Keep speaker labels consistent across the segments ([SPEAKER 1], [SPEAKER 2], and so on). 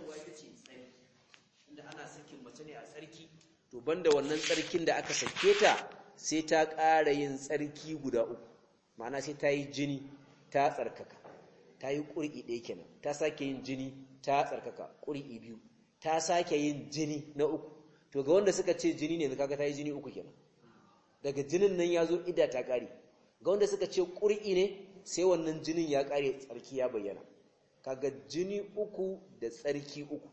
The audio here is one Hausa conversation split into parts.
[SPEAKER 1] tsarkakarwa ita ce tsari inda ana sakin mace ne a tsarki to banda wannan tsarkin da aka sake ta sai ta ƙara yin tsarki guda uku ma'ana sai ta yi jini ta tsarkaka ta yi ƙuri'i ɗaya kenan ta sake yin jini ta tsarkaka ƙuri'i biyu ta sake yin jini na uku to ga wanda suka ce jini ne kaga ta yi jini uku kenan daga jinin nan ya zo ida ta ƙare ga wanda suka ce ƙuri'i ne sai wannan jinin ya ƙare tsarki ya bayyana kaga jini uku da tsarki uku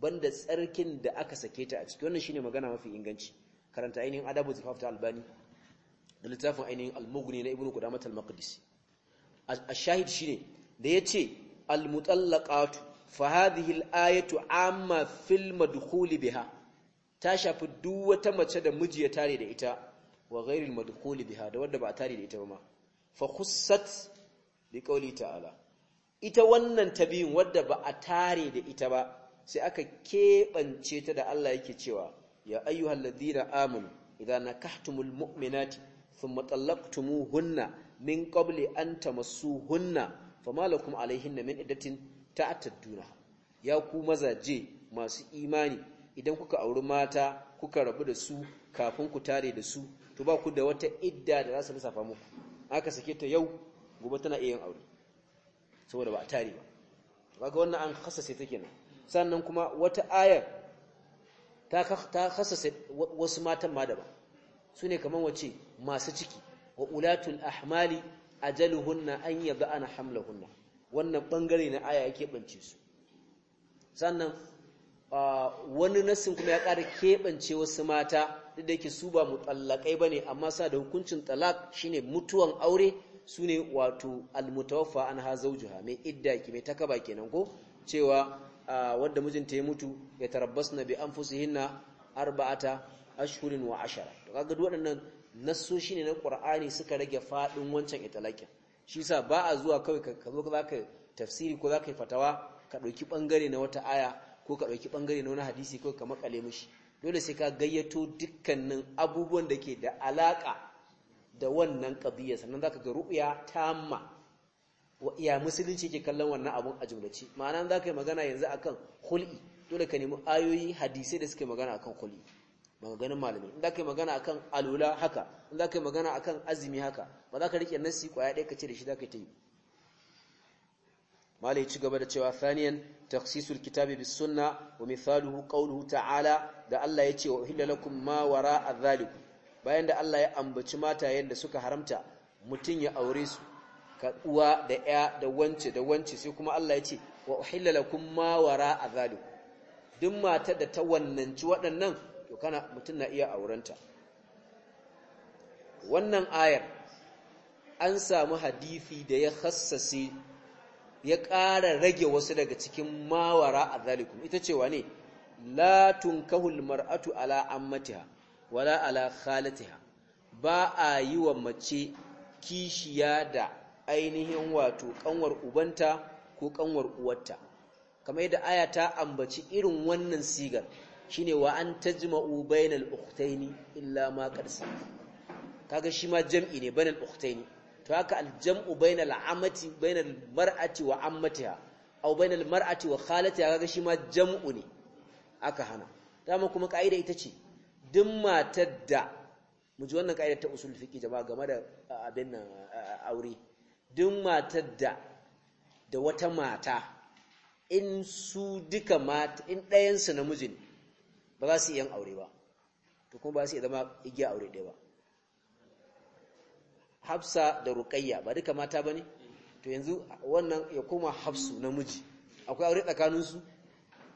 [SPEAKER 1] banda tsarkin da aka sake ta a ciki wannan shine magana mafi inganci karanta ainihin adabu zifaf ta albani da littafin ainihin al na ibnu qudamah al-maqdisi A shahid shine da yace al-mutallaqatu fa hadhihi al-ayatu amma fil madkhul biha ta shafi duk wata mace da miji ya tare da ita wa ghairi al-madkhul biha da wanda ba a tare da ita ba ma fa khussat bi ta ta'ala ita wannan tabiyin wadda ba a tare da ita ba sai aka keɓance ta da Allah yake cewa ya ayyuhal ladina amanu idan nakahtumul mu'minati thumma hunna min qabli an tamassuhunna fama lakum alaihinna min iddatin ta'tadduna ya ku mazaje masu imani idan kuka auri mata kuka rabu da su kafin ku tare da su to ba ku da wata idda da za su lissafa muku aka sake ta yau gobe tana iya yin aure saboda ba a tare ba kaga wannan an khassase take nan sannan kuma wata ayar ta ta wasu matan ma ba sune kaman wace masu ciki wa ulatul ahmali ajaluhunna an hamla hamlahunna wannan bangare na aya yake bance su sannan wani nassin kuma ya ƙara keɓance wasu mata duk da yake su ba mutallakai bane amma sa da hukuncin talak shine mutuwan aure su ne wato almutawaffa anha ha mai idda ki mai takaba kenan ko cewa wanda mijinta ya mutu ya tarabbasna bi hinna arba'ata ashhurin wa ashara to kaga duk waɗannan nassoshi ne na Qur'ani suka rage fadin wancan italakin shi yasa ba a zuwa kawai ka zo ka tafsiri ko zaka yi fatawa ka ɗauki ɓangare na wata aya ko ka dauki bangare na wani hadisi ko ka makale mishi dole sai ka gayyato dukkanin abubuwan da ke da alaƙa. da wannan qadiyya sannan zaka ga ru'ya tamma wa iya musulunci ke kallon wannan abun a jumlace ma'ana zaka yi magana yanzu akan hul'i dole ka nemi ayoyi hadisai da suke magana akan hul'i ganin malami in zaka yi magana akan alola haka in zaka yi magana akan azumi haka ba za ka rike nasi kwaya ɗaya ka ce da shi za zaka yi malai ci gaba da cewa thaniyan taksisul kitabi bis sunna wa mithaluhu qawluhu ta'ala da Allah ya ce wa uhilla lakum ma wara'a dhalikum bayan da Allah ya ambaci mata yadda suka haramta mutum ya aure su ka uwa da ya da wance da wance sai kuma Allah ya ce wa uhilla lakum ma wara azalik duk mata da ta wannan ci waɗannan to kana mutum na iya aurenta wannan ayar an samu hadisi da ya khassasi ya ƙara rage wasu daga cikin mawara azalikum ita cewa ne, la tunkahul mar'atu ala matiha." wala ala khalatiha ba a yi wa mace kishiya da ainihin wato kanwar ubanta ko kanwar uwarta kamar yadda aya ta ambaci irin wannan sigar shine wa an tajma'u bainal ukhtaini illa ma qad kaga shi ma jam'i ne bainal ukhtaini to haka aljam'u bainal amati bainal mar'ati wa ammatiha aw bainal mar'ati wa khalatiha kaga shi ma jam'u ne aka hana dama kuma ka'ida ita ce duk matar da mu ji wannan ka'ida ta usul fiqi jama'a game da abin nan aure duk matar da da wata mata in su duka mata in ɗayan namiji ne ba za su yi yan aure ba to kuma ba su iya zama igiya aure ɗaya ba hafsa da ruƙayya ba duka mata ba ne? to yanzu wannan ya koma hafsu namiji akwai aure tsakaninsu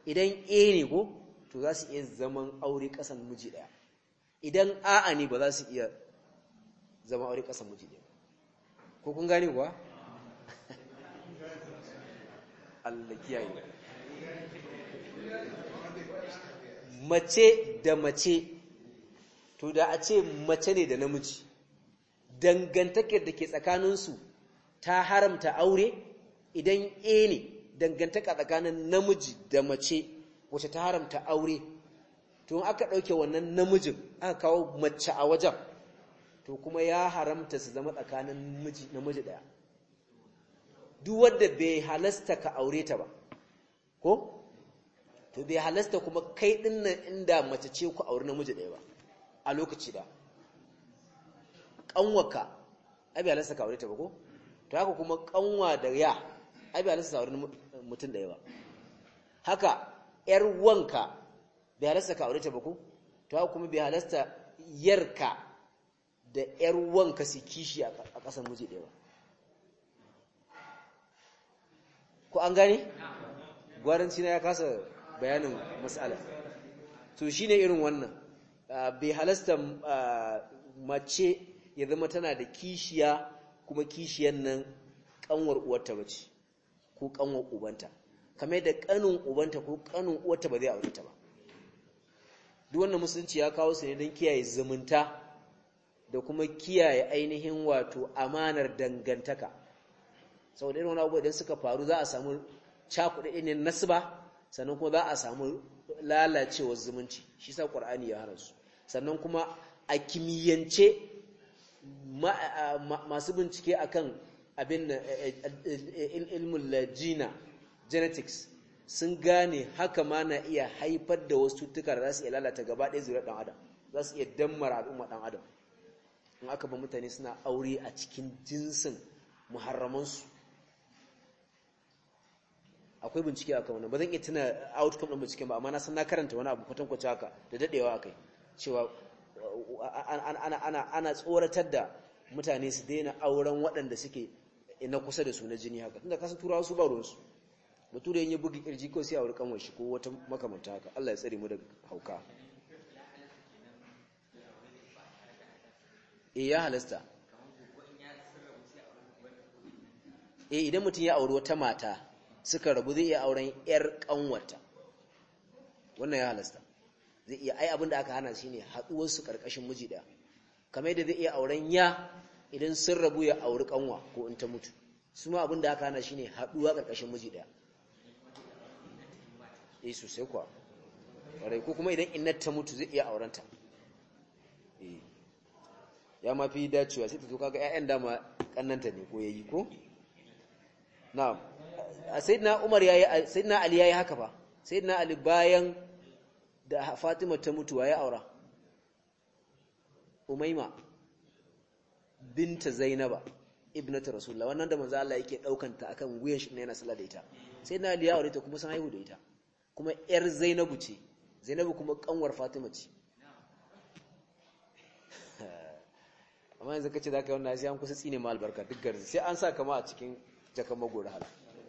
[SPEAKER 1] idan e ne ko to za su iya zaman aure ƙasan miji ɗaya idan a'a ne ba za su iya zama aure ƙasa miji ne ko kun gane kuwa Allah kiyaye mace da mace to da a ce mace ne da namiji dangantakar da ke tsakaninsu ta haramta aure idan e ne dangantaka tsakanin namiji da mace wacce ta haramta aure to aka ɗauke wannan namijin aka kawo mace a wajen to kuma ya haramta su zama tsakanin namiji ɗaya duk wanda bai halasta ka aure ta ba ko to bai halasta kuma kai nan inda mace ce ku aure namiji ɗaya ba a lokaci da ƙanwaka a bai halasta ka aure ta ba ko to haka kuma ƙanwa da ya a bai halasta ka aure mutum ɗaya ba haka ‘yar wanka bai halasta ka aure ta ba ko to haka kuma bai halasta yarka da yar wanka su kishi a ƙasar muji ɗaya ba ko an gane gwaranci na ya kasa bayanin matsala. to shine irin wannan bai halasta mace ya zama tana da kishiya kuma kishiyan nan kanwar uwarta ce ko kanwar ubanta kamar da ƙanin ubanta ko ƙanin uwarta ba zai aure ta ba duk wannan musulunci ya kawo su ne don kiyaye zumunta da kuma kiyaye ainihin wato amanar dangantaka sau da irin wani abubuwa idan suka faru za a samu cakuɗaɗe ne nasiba sannan kuma za a samu lalacewar zumunci shi sa ƙwar'ani ya hana su sannan kuma a kimiyyance masu bincike akan abin ilmin lajina genetics sun gane haka ma na iya haifar da wasu cututtuka da za su iya lalata gaba ɗaya zuwa ɗan adam za su iya dammara al'umma ɗan adam in aka ba mutane suna aure a cikin jinsin muharramansu akwai bincike a kan ba zan iya tuna outcome ɗin binciken ba amma na san na karanta wani abu kwatankwacin haka da daɗewa a kai cewa ana tsoratar da mutane su daina auren waɗanda suke na kusa da su na jini haka tunda kasan turawa su ba ruwansu bature yin ya bugin irji ko sai a wurkan washi ko wata makamanta haka Allah ya tsare mu daga hauka e ya halasta e idan mutum ya auri wata mata suka rabu zai iya auren yar kanwata wannan ya halasta zai iya ai abin da aka hana shine haduwar su karkashin miji da kamar yadda zai iya auren ya idan sun rabu ya auri kanwa ko in ta mutu su ma abinda da aka hana shine haduwa karkashin miji daya eh sai kuwa ƙwarai ko kuma idan inar ta mutu zai iya aurenta eh, ya ma fi dacewa sai ta zo kaga 'ya'yan dama kannanta ne ko yayi ko na sai na umar ya yi sai na ali ya yi haka ba sai na ali bayan da fatima ta mutu wa ya aura umaima binta zainaba ibnatu rasulullah wannan da manzo Allah yake daukanta akan wuyan shi ne yana sallah da ita sai na ali ya aure ta kuma san haihu da ita kuma ‘yar zainabu ce zainabu kuma kanwar fatima ce amma yanzu ka ce za ka yi wannan sai an kusa tsine ma albarka duk garzi sai an sa kama a cikin jakan magoda hala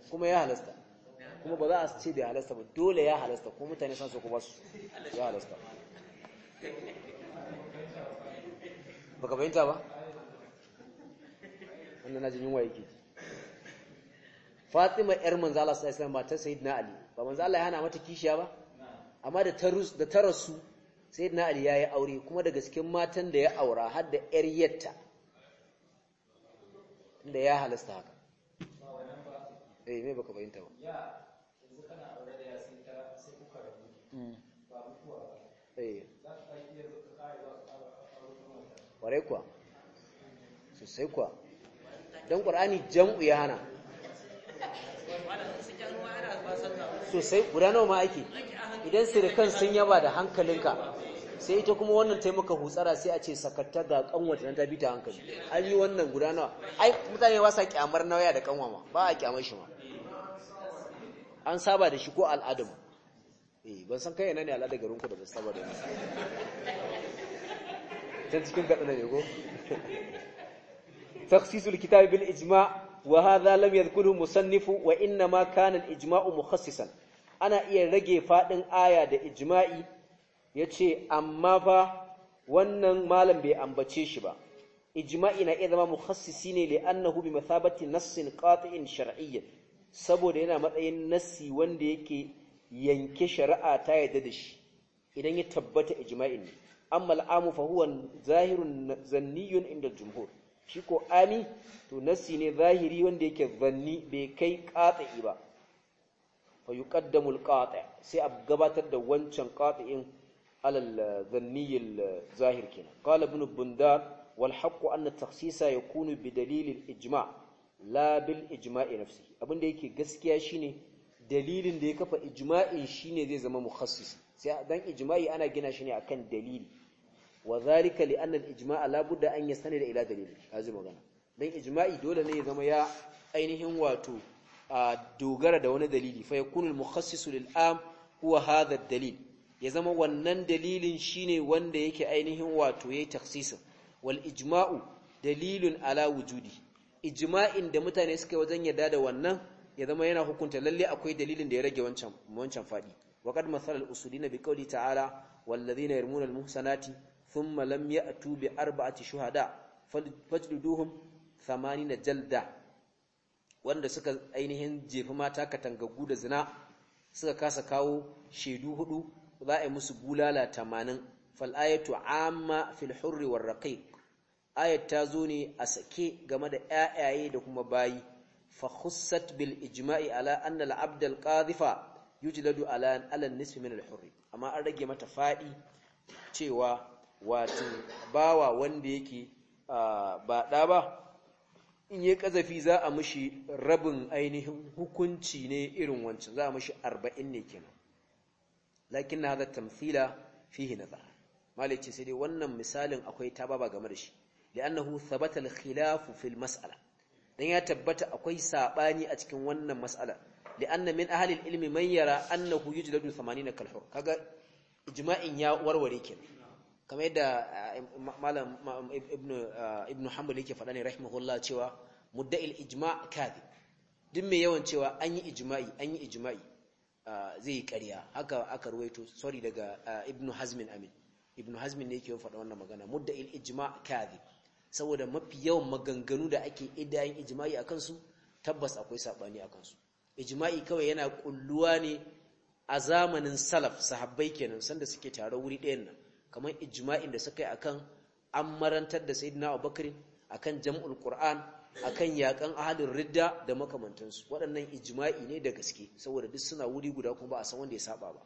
[SPEAKER 1] kuma ya halasta kuma ba za a ce da ya halasta ba dole ya halasta ko mutane san su ko ba su ya halasta Ba ka fahimta ba wannan na jin yunwa yake fatima yar manzala sallallahu alaihi wasallam ba ta sayyidina ali ba manzo Allah ya hana mata kishiya ba amma da tarus da tarasu sayyidina Ali yayi aure kuma da gaskin matan da ya aura har da yar yatta tunda ya halasta haka eh me baka bayyanta ba ya yanzu kana aure da ya ta sai kuka rabu mm. ba mutuwa ba eh za ka kai ba kuwa sai kuwa don ƙwar'ani jam'u ya hana sosai guda nawa ma ake idan sirikan sun yaba da hankalinka sai ita kuma wannan taimaka hutsara sai a ce sakatta ga kanwata nan ta bi ta hankali an yi wannan guda nawa ai mutane ba sa kyamar nauya da kanwa ma ba a kyamar shi ma an saba da shi ko al'adun eh ban san kai yana ne al'ada garin ku da ban saba da ni can cikin gaɗa ne ko takhsisul kitab bil ijma' wa hadha lam yadhkuru musannifu wa inna ma kana ijima'u ijmau ana iya rage fadin aya da ijma'i yace amma fa wannan malam bai ambace shi ba ijma'i na iya zama mukhassisi ne li'annahu bi mathabati nassin qati'in shar'iyyan saboda yana matsayin nassi wanda yake yanke shari'a ta yadda da shi idan ya tabbata ijma'in ne amma al'amu fa huwa zahirun zanniyun inda jumhur shi ko ami to nassi ne zahiri wanda yake zanni bai kai qati'i ba fa yuqaddamu al sai a gabatar da wancan qati'in alal zanni zahir kenan qala ibn bundar wal haqqu anna takhsisa yakunu bi dalil al-ijma' la bil ijma'i nafsihi abinda yake gaskiya shine dalilin da ya kafa ijma'in shine zai zama mukhassis sai dan ijma'i ana gina shi ne akan dalili wa zalika li anna al-ijma'a la budda an ila magana dan ijma'i dole ne ya zama ya ainihin wato dogara da wani dalili fa yakunu al-mukhassisu lil-am huwa hadha ad-dalil ya zama wannan dalilin shine wanda yake ainihin wato yayi takhsisin wal ijma'u dalilun ala wujudi ijma'in da mutane suka wajen yarda da wannan ya zama yana hukunta lalle akwai dalilin da ya rage wancan wancan fadi وقد مثل الأصولين بقوله تعالى والذين يرمون المحسنات thumma lam ya'tu bi arba'ati shuhada fajliduhum 80 jalda wanda suka ainihin jefi mata katangaggu da zina suka kasa kawo shaidu hudu za a musu bulala tamanin fal'ayatu amma fil hurri war raqiq ta zo ne a sake game da ƴaƴaye da kuma bayi fa khussat bil ijma'i ala anna al abd al qadhifa yujladu ala ala nisfi min al hurri amma an rage mata fadi cewa wato bawa wanda yake ba ɗa ba in yi ƙazafi za a mushi rabin ainihin hukunci ne irin wancan za a mushi arba'in ne kenan lakin na haɗa tamfila fihi ba malice sai dai wannan misalin akwai ta baba game da shi li'annahu hu sabatar khilafu fil mas'ala dan ya tabbata akwai saɓani a cikin wannan mas'ala na min ahalin al-ilmi man yara annahu yujladu na kalhur kaga ijma'in ya warware kenan kamar yadda eh, malam ibn eh, hanbal yake faɗa ne rahimahullah cewa il ijma' kadhib duk mai yawan cewa an yi ijma'i an yi ijma'i eh, zai yi ƙarya haka aka ruwaito sorry daga ibn hazmin amin ibn hazmin ne yake yawan faɗa wannan magana il ijma' kadhib saboda mafi yawan maganganu da ake idayin ijma'i a kansu tabbas akwai saɓani a kansu, ijma'i kawai yana kulluwa ne a zamanin salaf sahabbai kenan sanda suke tare wuri ɗayan nan kamar ijma'in da suka yi akan an marantar da sayyidina Abubakar akan jam'ul Qur'an akan yakan ahalin ridda da makamantansu waɗannan ijma'i ne da gaske saboda duk suna wuri guda kuma ba a san wanda ya saba ba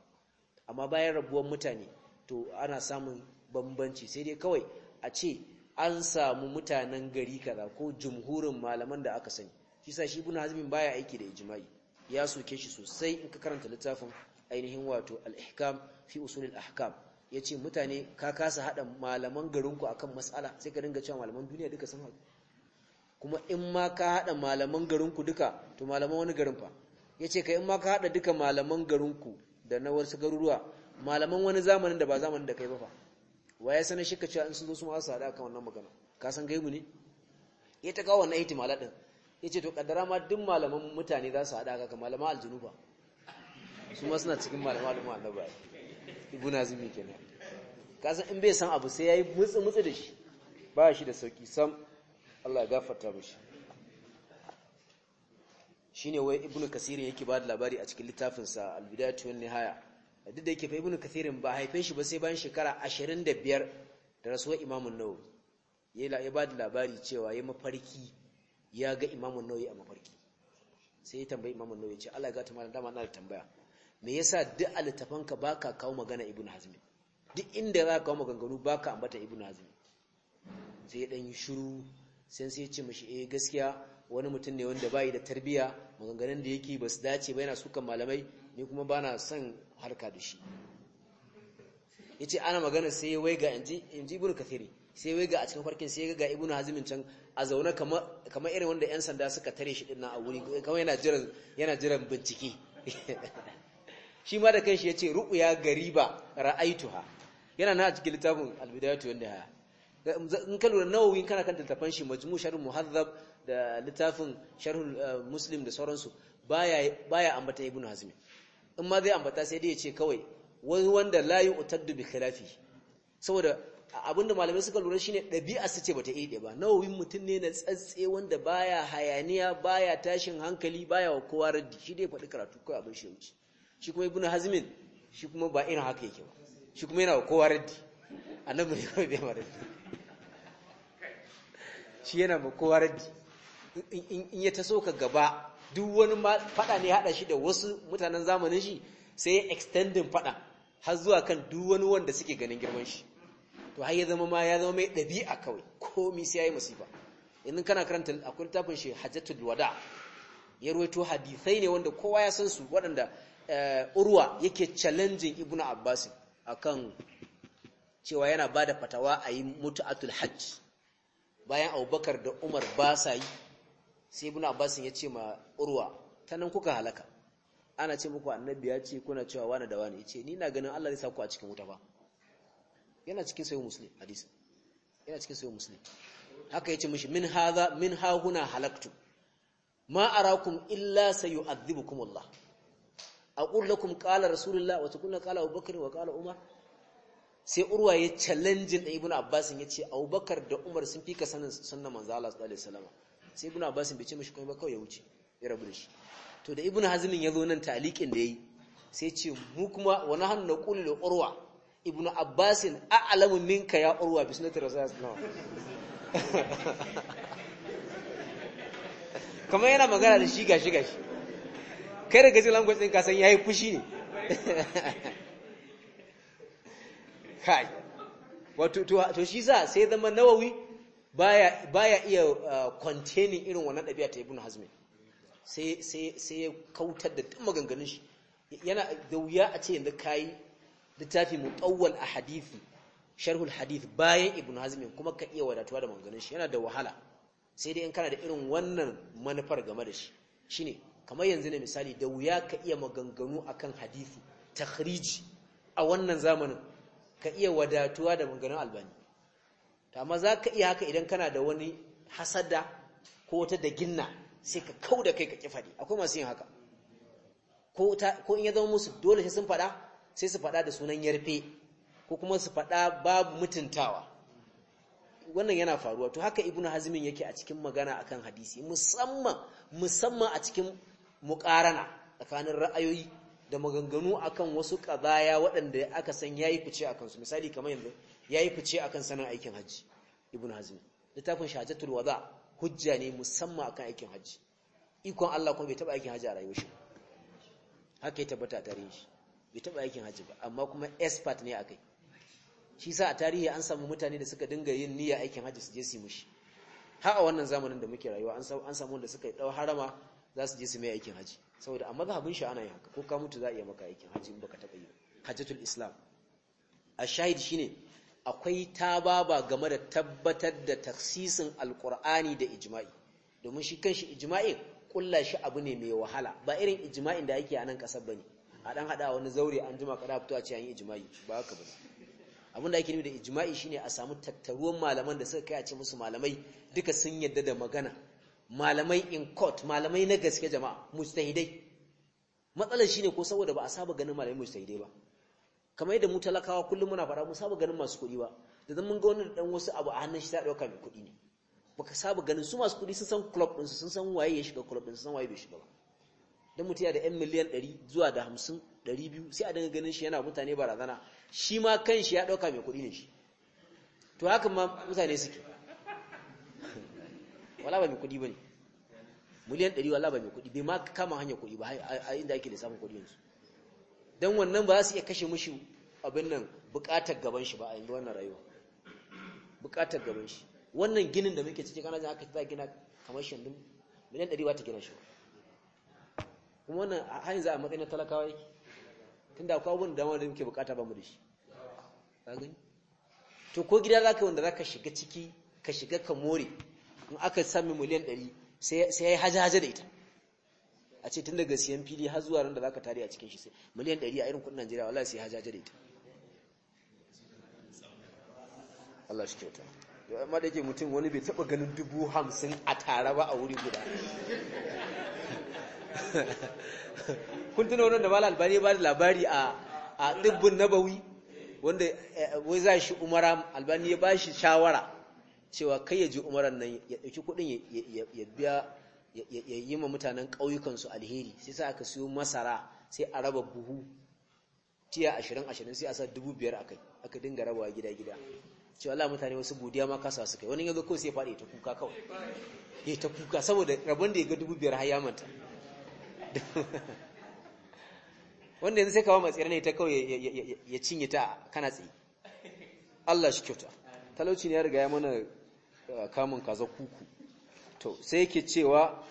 [SPEAKER 1] amma bayan rabuwar mutane to ana samun bambanci sai dai kawai a ce an samu mutanen gari kaza ko jumhurin malaman da aka sani shi sa shi ibn hazmin baya aiki da ijma'i ya soke shi sosai in ka karanta littafin ainihin wato al-ihkam fi usulil ahkam ya ce mutane ka kasa haɗa malaman garinku akan matsala sai ka dinga cewa malaman duniya duka sun haɗu kuma in ma ka haɗa malaman garinku duka to malaman wani garin fa ya ce ka in ma ka haɗa duka malaman garinku da na wasu garuruwa malaman wani zamanin da ba zamanin da kai ba fa wa ya sanar shi ka cewa in sun zo su ma su haɗa wannan magana ka san gaibu ne ya ta kawo wannan ihtimala din ya ce to kaddara ma duk malaman mutane za su haɗa ka malaman aljunuba su ma suna cikin malaman aljunuba annabawa guna zumi kenan kasan in bai san abu sai yayi mutsu mutsu da shi ba shi da sauki sam Allah ya gafarta mishi shine wai ibnu kasir yake ba da labari a cikin littafin al-bidayatu wan nihaya duk da yake fa ibnu kasir ba haifin shi ba sai bayan shekara 25 da rasuwar imamu nawawi ya la da labari cewa ya mafarki ya ga imamu nawawi a mafarki sai ya tambayi imamu nawawi ce Allah ya gata malam dama na da tambaya me yasa duk a littafanka ba ka kawo magana ibn hazmi duk inda za ka kawo maganganu ba ka ambata ibn hazmi sai dan yi shiru sai sai ce mashi eh gaskiya wani mutum ne wanda bai da tarbiya maganganun da yake ba su dace ba yana sukan malamai ni kuma ba na son harka da shi ya ce ana magana sai wai ga inji ibn kathiri sai wai ga a cikin farkin sai ga ibn hazmin can a zaune kamar irin wanda 'yan sanda suka tare shi dinnan a wuri kamar yana jiran bincike shi ma da kanshi yace ru'ya gariba ra'aituha yana na cikin littafin albidayatu wanda ya in ka lura nawawi kana kan littafan shi majmu sharh muhazzab da littafin sharh eh, muslim da sauransu baya baya ambata ibnu hazm in ma zai ambata sai dai ce kawai wani wanda la yu'taddu bi khilafi saboda abinda malamai suka lura shine dabi'a su ce bata ide ba nawawin mutum ne na tsatse wanda baya hayaniya baya tashin hankali baya wa kowa raddi shi dai faɗi karatu kai abin shi wuce shi kuma ibn hazmin shi kuma ba irin haka yake ba shi kuma yana kowa raddi annabi ne kawai bai ma raddi shi yana ba kowa raddi in ya taso ka gaba duk wani fada ne hada shi da wasu mutanen zamanin shi sai ya extending fada har zuwa kan duk wani wanda suke ganin girman shi to har ya zama ma ya zama mai ɗabi'a kawai komi sai ya yi masifa yanzu kana karanta akwai littafin shi hajjatul wada ya ruwaito hadisai ne wanda kowa ya san su waɗanda Eh, urwa yake challenging ibnu abbas akan cewa yana bada fatawa a yi mutu'atul hajj bayan abubakar da umar ba sa yi sai ibnu abbas ya ce ma urwa ta nan kuka halaka ana ce muku annabi ya ce kuna cewa wani da wani ya ce ni na ganin allah zai sa ku a cikin wuta ba yana cikin sayo musulmi hadisi yana cikin sayo musulmi haka ya ce mishi min haza min hahuna halaktu ma arakum illa sayu'adhibukum allah aqul lakum qala rasulullah wa tukunna qala abubakar wa qala umar sai urwa ya challenge da ibnu abbas ya ce abubakar da umar sun fika sanin sunnan manzo Allah sallallahu alaihi wasallam sai ibnu abbas bai ce mishi komai ba kawai ya wuce ya rabu da shi to da ibnu hazmin ya zo nan taliqin da yayi sai ce mu kuma wa nahnu naqulu li urwa ibnu abbas a'lamu minka ya urwa bi sunnati rasulullah sallallahu alaihi wasallam kamar yana magana da shi gashi gashi kai daga jin language kasan ya yi yayi fushi ne kai wato to shi sa sai zama nawawi baya ya iya uh, containing irin wannan ɗabi'a ta ibn hazmi sai ya kautar da ɗan maganganun shi yana da wuya a ce yanzu kai littafi mutawwal a hadithi sharhul hadith bayan ibn hazmi kuma ka iya wadatuwa da maganganun shi yana da wahala sai dai in kana da irin wannan manufar game da shi shine kamar yanzu ne misali da wuya ka iya maganganu akan hadisi takhriji a wannan zamanin ka iya wadatuwa da maganganun albani amma za ka iya haka idan kana da wani hasada ko wata ginna sai ka kau da kai ka kifadi akwai masu yin haka ko in ya zama musu dole sai sun faɗa sai su faɗa da sunan yarfe ko kuma su faɗa babu mutuntawa wannan yana faruwa to haka ibnu hazmin yake a cikin magana akan hadisi musamman musamman a cikin muƙarana tsakanin ra'ayoyi da maganganu akan wasu ƙazaya waɗanda aka san ya yi fice a kansu misali kamar yanzu ya yi fice a kan sanar aikin hajji ibn hazmi littafin shahadatul wada hujja ne musamman akan aikin hajji ikon allah kuma bai taɓa aikin hajji a rayuwar shi haka ya tabbata a tarihi shi bai taɓa aikin hajji ba amma kuma expert ne a kai shi sa a tarihi an samu mutane da suka dinga yin niyya aikin hajji su je su yi mushi har a wannan zamanin da muke rayuwa an samu wanda suka yi ɗau harama za su je su mai aikin haji saboda a mazhabin shi ana yi haka ko ka mutu za a iya maka aikin haji in baka taba yi hajjatul islam a shahid shine akwai tababa game da tabbatar da taksisin Alƙur'ani da ijma'i domin shi kanshi ijma'in kulla shi abu ne mai wahala ba irin ijma'in da ake a nan kasar ne. a ɗan hada wani zaure an jima kada fito a ce an yi ijma'i ba haka ba abin da ake nufi da ijma'i shine a samu tattaruwan malaman da suka kai a ce musu malamai duka sun yadda da magana malamai in court malamai na gaske jama'a mustahidai matsalar shine ko saboda ba a saba ganin malamai mustahidai ba kamar yadda mu talakawa kullum muna fara mu saba ganin masu kuɗi ba da zan mun ga wani dan wasu abu a hannun shi ta dauka mai kuɗi ne baka saba ganin su masu kuɗi sun san club su sun san waye ya shiga club din sun san waye bai shiga ba dan mutum yana da 'yan miliyan 100 zuwa da 50 200 sai a dinga ganin shi yana mutane barazana shi ma kanshi ya dauka mai kuɗi ne shi to haka ma mutane suke wala ba mai kuɗi ba ne miliyan ɗari wala ba mai kuɗi bai ma kama hanyar kuɗi ba a inda ake da samun kuɗi yanzu don wannan ba za su iya kashe mushi abin nan buƙatar gaban shi ba a yanzu wannan rayuwa buƙatar gaban shi wannan ginin da muke ciki kana aka ta gina kamar shi yanzu miliyan ɗari ba ta gina shi kuma wannan har yanzu a matsayin talakawa yake tunda akwai abubuwan da dama da muke buƙata ba mu da shi ka gani to ko gida za ka wanda za ka shiga ciki ka shiga ka more in aka sami miliyan ɗari sai ya yi haje-haje da ita a ce tun daga siyan fili har zuwa ran da za ka tare a cikin shi sai miliyan ɗari a irin kudin najeriya wala sai ya haje-haje da ita Allah shi kyauta amma da yake mutum wani bai taɓa ganin dubu hamsin a tare ba a wuri guda kun tuna wannan da mala albani ba da labari a a dubbin nabawi wanda eh, wai za shi umara albani ya ba shi shawara cewa kai ya ji umaran nan ya ɗauki kuɗin ya biya ya yi ma mutanen ƙauyukansu alheri sai sa aka siyo masara sai a raba buhu tiya ashirin ashirin sai a sa dubu biyar a kai aka dinga rabawa gida gida cewa Allah mutane wasu godiya ma kasa su kai wani ya ko kawai sai faɗi ta kuka kawai ya ta kuka saboda rabon da ya ga dubu biyar har ya manta wanda yanzu sai kawo matsayar ne ta kawai ya cinye ta kana tsaye Allah shi kyauta talauci ne ya riga ya mana kamun kaza kuku to sai yake cewa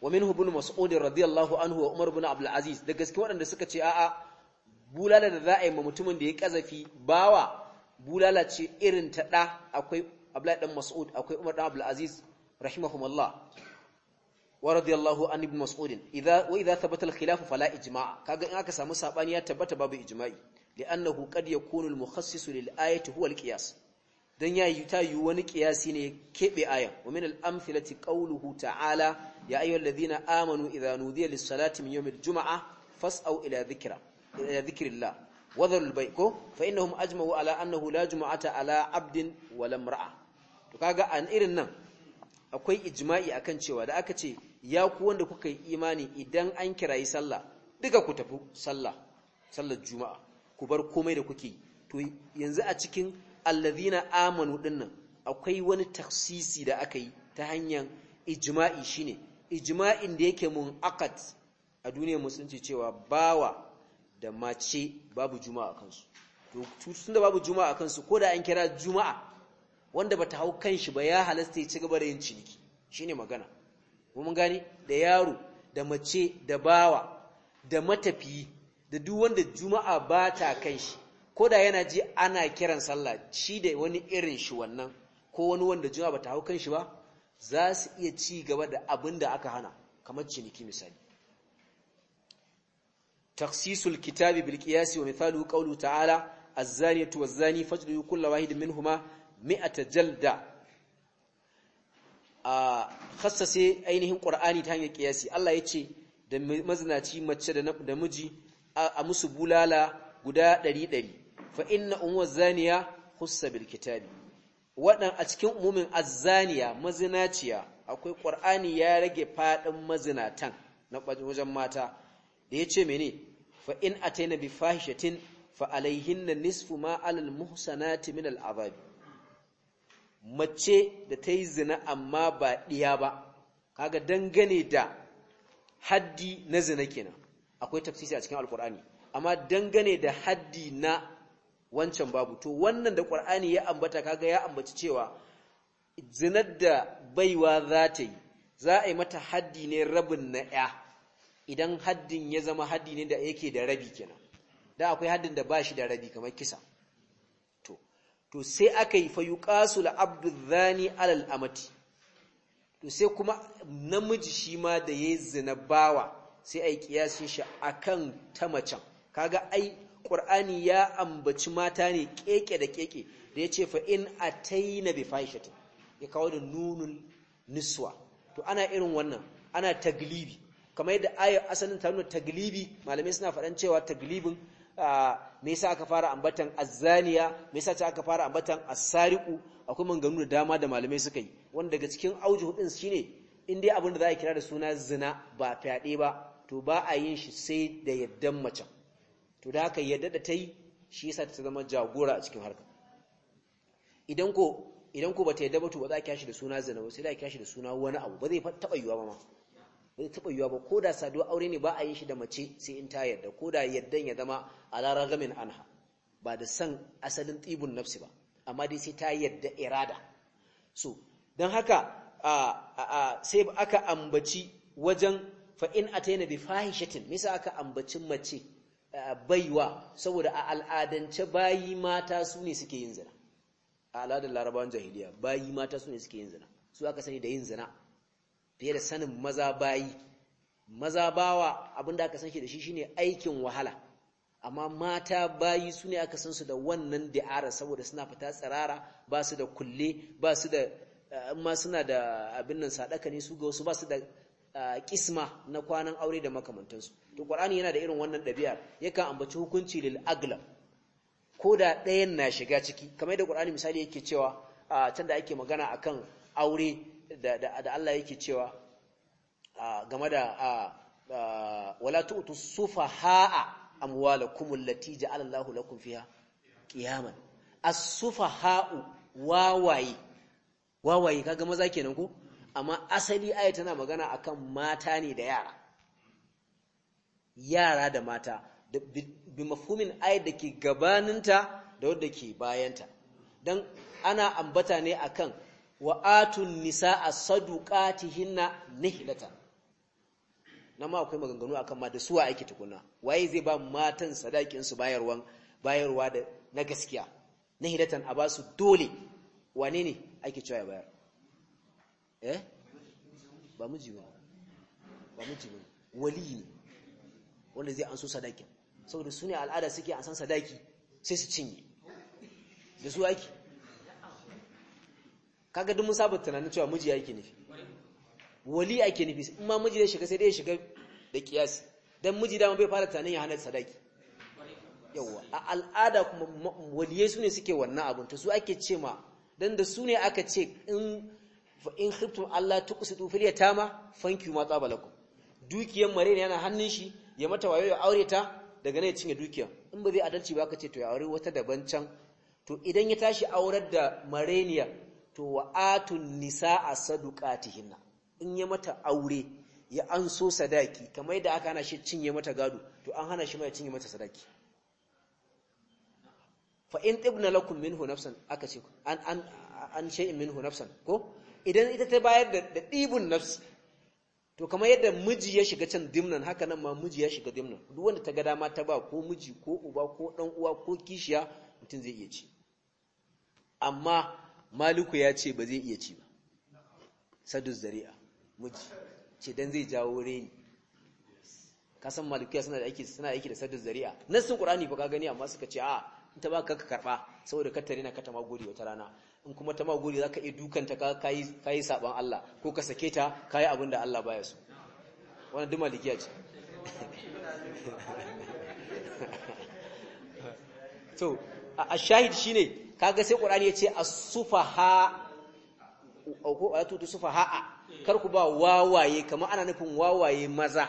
[SPEAKER 1] wa minhu ibn mas'ud radiyallahu anhu wa umar ibn abdul aziz da gaske waɗanda suka ce a'a bulala da za a ma mutumin da ya kazafi bawa bulala ce irin ta da akwai abdullahi dan mas'ud akwai umar dan abdul aziz rahimahumullah wa radiyallahu an ibn mas'ud idza wa idza thabata al-khilaf fala ijma' kaga in aka samu sabani ya tabbata babu ijma'i li'annahu qad yakunu al-mukhassisu lil ayati huwa al-qiyas don ya yi ta yi wani kiyasi ne ya keɓe ayan wa min al'amfilati ƙauluhu ta'ala ya ayyar ladina amanu idza nudiya lis-salati min yawmil juma'a fas'au ila dhikra ila dhikrillah wa dharul bay ko fa innahum ajma'u ala annahu la juma'ata ala abdin wa la imra'a to kaga an irin nan akwai ijma'i akan cewa da aka ce ya ku wanda kuka yi imani idan an kirayi sallah duka ku tafi sallah sallar juma'a ku bar komai da kuke yi to yanzu a cikin alladhina amanu dinnan akwai wani taksisi da aka yi ta hanyar ijma'i shine ijma'in da yake aqad a duniyar musulunci cewa bawa da mace babu juma'a kansu to tunda babu juma'a kansu ko da an kira juma'a wanda bata hau kanshi ba ya halasta ya ci gaba da yin ciniki shine magana mun gane da yaro da mace da bawa da matafi da duk wanda juma'a bata ta shi. ko da yana ji ana kiran sallah shi da wani irin shi wannan ko wani wanda ba ta hau kan shi ba za su iya ci gaba da abin da aka hana kamar ciniki misali taksisul kitabi bil wa mithalu qawlu ta'ala az-zaniyatu waz-zani fajlidu kulla wahidin minhuma mi'ata jalda a khassase ainihin qur'ani ta hanyar qiyasi Allah ya ce da mazinaci mace da miji a musu bulala guda ɗari ɗari fa inna ummu zaniya hussa bil kitabi wadan a cikin umumin azzaniya mazinaciya akwai qur'ani ya rage fadin mazinatan na wajen mata da yace mene fa in ataina bi fahishatin fa alaihinna nisfu ma alal muhsanati min al azab mace da ta zina amma ba diya ba kaga dangane da haddi na zina kenan akwai tafsiri a cikin alkur'ani amma dangane da haddi na wancan babu to wannan da ƙur'ani ya ambata kaga ya ambaci cewa zinar da baiwa za ta yi za a yi mata haddi ne rabin na ya idan haddin ya zama haddi ne da yake da rabi kenan da akwai haddin da ba shi da rabi kamar kisa to to sai aka yi fayuqasu al-abdu dhani alal amati to sai kuma namiji shi ma da yayi zina bawa sai a yi kiyasin shi akan ta macen kaga ai ƙur'ani ya ambaci mata ne keke da keke da ya ce fa in taina bi fahishati ya kawo da nunun niswa to ana irin wannan ana taglibi kamar yadda ayar asalin ta nuna taglibi malamai suna faɗan cewa taglibin me yasa aka fara ambatan azzaniya me yasa ta aka fara ambatan asariqu akwai manganu da dama da malamai suka yi wanda daga cikin auji hudin shine in dai abin da za a kira da suna zina ba fyaɗe ba to ba a yin shi sai da yaddan macen to da haka yadda da ta yi shi yasa ta zama jagora a cikin harka idan ko idan ko bata yadda ba to ba za a kyashi da suna zina sai da a kyashi da suna wani abu ba zai taɓa yiwuwa ba ma ba zai taɓa yiwuwa ba ko da saduwa aure ne ba a yi shi da mace sai in ta yadda ko da yaddan ya zama alara ragamin anha ba da san asalin tsibin nafsi ba amma dai sai ta yadda irada so don haka sai aka ambaci wajen fa'in a taina bi fahishatin misa aka ambaci mace baiwa saboda a al'adance bayi mata su ne suke yin zina a al'adar larabawan jahiliya bayi mata su ne suke yin zina su aka sani da yin zina fiye da sanin maza bayi maza bawa abinda aka san shi da shi shine aikin wahala amma mata bayi su ne aka san su da wannan da'ara saboda suna fita tsirara ba su da kulle ba su da amma eh, suna da abin nan sadaka ne su ga wasu ba su da kisma na kwanan aure da makamantansu to qur'ani yana da irin wannan dabi'a yakan ambaci hukunci lil aglam. ko da ɗayan na shiga ciki kamar da qur'ani misali yake cewa a can da ake magana akan aure da Allah yake cewa game da wala tu'tu sufaha'a amwalakum allati ja'ala Allahu lakum fiha qiyaman as-sufaha'u wawaye wawaye kaga maza kenan ko amma asali aya tana magana akan mata ne da yara yara da mata bi mafhumin ayat da ke gabaninta da wadda ke bayanta don ana ambata ne akan wa'atun nisa a saduƙati hinna na ma akwai maganganu akan ma da suwa aiki tukuna waye zai ba matan sadakinsu su bayarwa da na gaskiya nihilatan a ba su dole wane ne ake cewa ya bayar eh ba miji bane ba miji bane wali ne wanda zai an so sadakin saboda su ne al'ada suke an san sadaki sai su cinye da su aiki kaga duk mun saba tunanin cewa miji yake nufi wali ake nufi in ma miji zai shiga sai dai shiga da kiyasi dan miji dama bai fara tunanin ya hana sadaki yawa a al'ada kuma waliye su ne suke wannan abin to su ake ce ma dan da su ne aka ce in fa in khiftum allah tuqsitu fil yatama fankiyu ma tsaba lakum dukiyar mare ne yana hannun shi ya mata wayo ya aure ta daga ne ya cinye dukiyar in ba zai adalci ba ka ce to ya aure wata daban can to idan ya tashi aurar da mareniya to wa atun nisaa saduqatihinna in ya mata aure ya an sadaki kamar da aka hana shi cinye mata gado to an hana shi ma ya cinye mata sadaki fa in tibna lakum minhu nafsan aka ce an an an shay'in minhu nafsan ko idan ita ta bayar da ɗibin nafsi to kamar yadda miji ya shiga can dimnan haka nan ma miji ya shiga dimnan duk wanda ta ga dama ta ba ko miji ko uba ko ɗan uwa ko kishiya mutum zai iya ci amma maliku ya ce ba zai iya ci ba sadus zari'a miji ce dan zai jawo reni kasan malikiya suna da aiki suna aiki da sadus zari'a nassin qur'ani ba ka gani amma suka ce a ita ta baka ka karba saboda ka tare na ka ta magode wata rana in kuma ta ma za ka iya dukanta ka yi kai Allah ko ka sake ta kai abin da Allah baya su. wannan duma malikiya ce to a shahid shi shine kaga sai qur'ani yace as-sufaha ko atutu kar ku ba wawaye kama ana nufin wawaye maza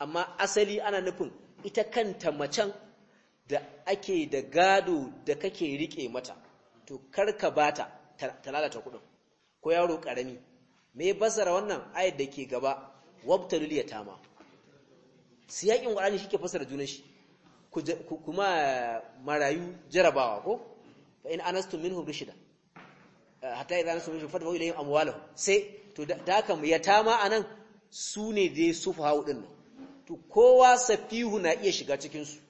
[SPEAKER 1] amma asali ana nufin ita kanta macen da ake da gado da kake riƙe mata to karka bata ta lalata kudin ko yaro karami me basara wannan ayat da ke gaba wabtalul yatama siyakin qur'ani shike fasara junan shi kuma marayu jarabawa ko fa in anastu minhu rishida eh, hatta idan sun shi fatawa ilayhim amwalahum sai to da haka yatama anan su ne dai sufahu din to kowa safihu na iya shiga cikinsu.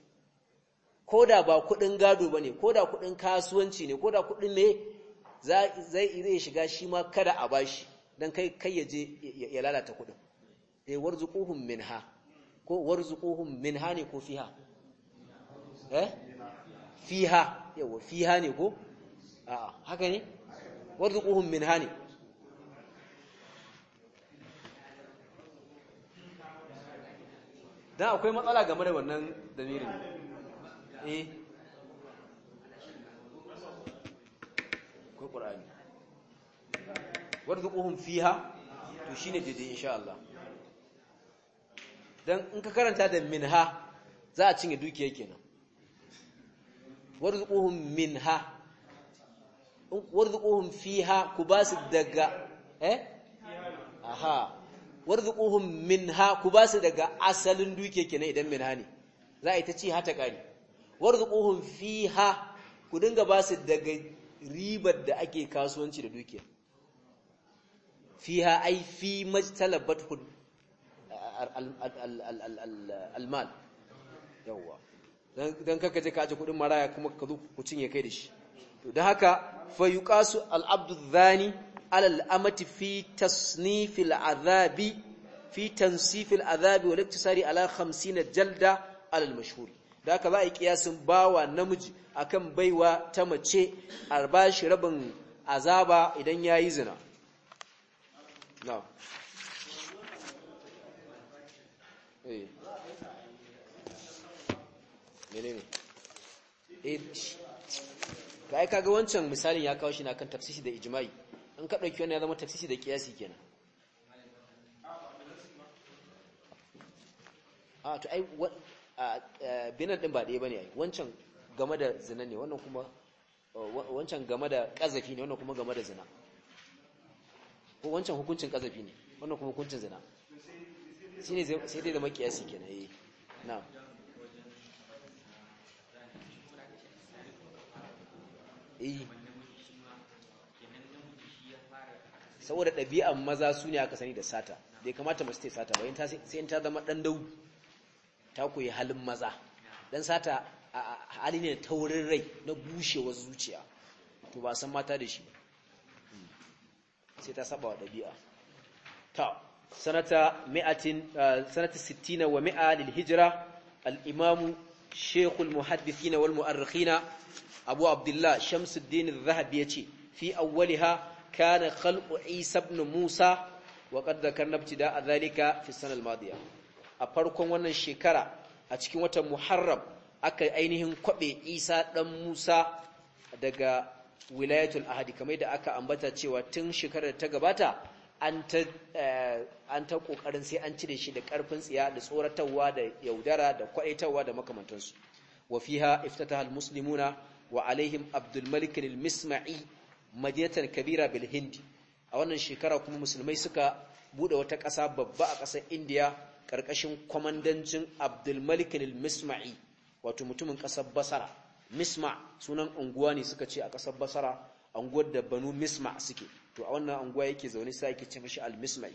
[SPEAKER 1] ko da ba kuɗin gado ba ne ko da kuɗin kasuwanci ne ko da kuɗin ne zai ya shiga shi ma kada a bashi don kai kai ya je ya lalata kuɗin eh warzuquhum minha ko warzuquhum minha ne ko fiha eh fiha yawa fiha ne ko a'a haka ne warzuquhum minha ne dan akwai matsala game da wannan damirin Eh. qur'ani warzuquhum fiha to shine daidai insha Allah dan in ka karanta da minha za a cinye dukiya kenan warzuquhum minha warzuquhum fiha ku basu daga eh aha warzuquhum minha ku basu daga asalin dukiya kenan idan minha ne za a yi ta ci warzuquhum fiha ku dinga ba su daga ribar da ake kasuwanci da dukiya fiha ai fi majtalabat almal yawa dan kaka je ka aje kudin maraya kuma ka zo ku cinye kai da shi to dan haka fa yuqasu al-abdu dhani ala al-amati fi tasnif al-adhabi fi tansif adhabi wal iktisari ala 50 jalda ala al da haka za a yi kiyasin bawa namiji akan baiwa ta mace a ba shi rabin azaba idan ya yi zina eh. eh, ka aika ga wancan misalin ya kawo shi na kan tafsisi da ijimai in ka ɗauki wani ya zama tafsisi da kiyasi kenan a ah, to ai binan din ba ɗaya ba ai wancan game da zina ne wannan kuma wancan game da ƙazafi ne wannan kuma game da zina ko wancan hukuncin ƙazafi ne wannan kuma hukuncin zina shine sai dai da makiyasi kenan yi na yi saboda ɗabi'an maza su ne aka sani da sata bai kamata mace ta sata ta sai ta zama ɗan dau ta koyi halin maza dan sata hali ne taurin rai na bushewa zuciya to ba san mata da shi sai ta saba wa dabi'a ta sanata 100 sanata 60 wa mi'a lil hijra al imam shaykh al muhaddithin wal mu'arrikhin abu abdullah shamsuddin az-zahabi yace fi awwaliha kana khalqu isa ibn musa وقد ذكرنا ابتداء ذلك في السنة الماضية a farkon wannan shekara a cikin watan muharram aka ainihin kwabe isa dan musa daga wilayatul ahadi kamar da aka ambata cewa tun shekarar ta gabata an ta kokarin eh, sai an cire shi da karfin tsiya da tsoratarwa da yaudara da kwaitarwa da makamantansu wa fiha iftataha almuslimuna wa alaihim abdul malik kabira bil hindi a wannan shekara kuma musulmai suka bude wata ƙasa babba a ƙasar indiya ƙarƙashin kwamandancin abdulmalikin ilmisma'i wato mutumin ƙasar basara misma sunan unguwa ne suka ce a ƙasar basara unguwar da banu misma suke to a wannan unguwa yake zaune sai yake ce mashi almisma'i mismai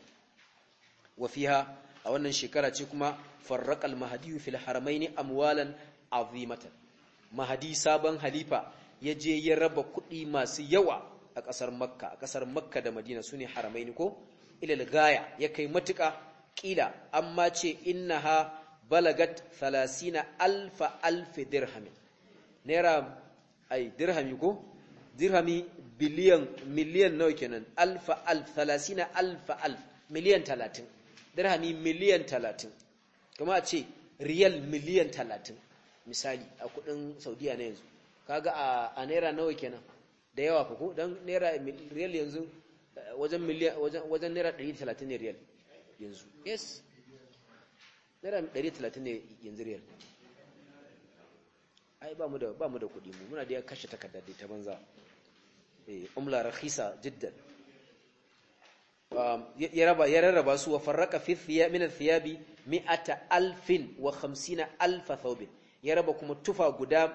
[SPEAKER 1] wa fiha a wannan shekara ce kuma farrakal al-mahdi fil haramaini amwalan azimatan mahdi sabon halifa ya je ya raba kuɗi masu yawa a ƙasar makka a ƙasar makka da madina sune haramaini ko Ila ya kai matuka. ƙila amma ce innaha balagat falasina alfa alfi dirhami naira ai dirhami ko dirhami biliyan miliyan nawa kenan alfa alf falasina alfa alf miliyan talatin dirhami miliyan talatin kuma a ce riyal miliyan talatin misali a kudin saudiya na yanzu kaga a naira nawa kenan da yawa ko don naira riyal yanzu eh, wajen naira 130 ne riyal yanzu yes naira 130 ne yanzu riyal ai ba mu da ba mu da kuɗi mu muna da ya kashe takarda dai ta banza eh umla rakhisa jiddan um ya raba ya rarraba su wa farraka fi thiyab min athiyabi 100000 alfin wa khamsina alfa ya raba kuma tufa guda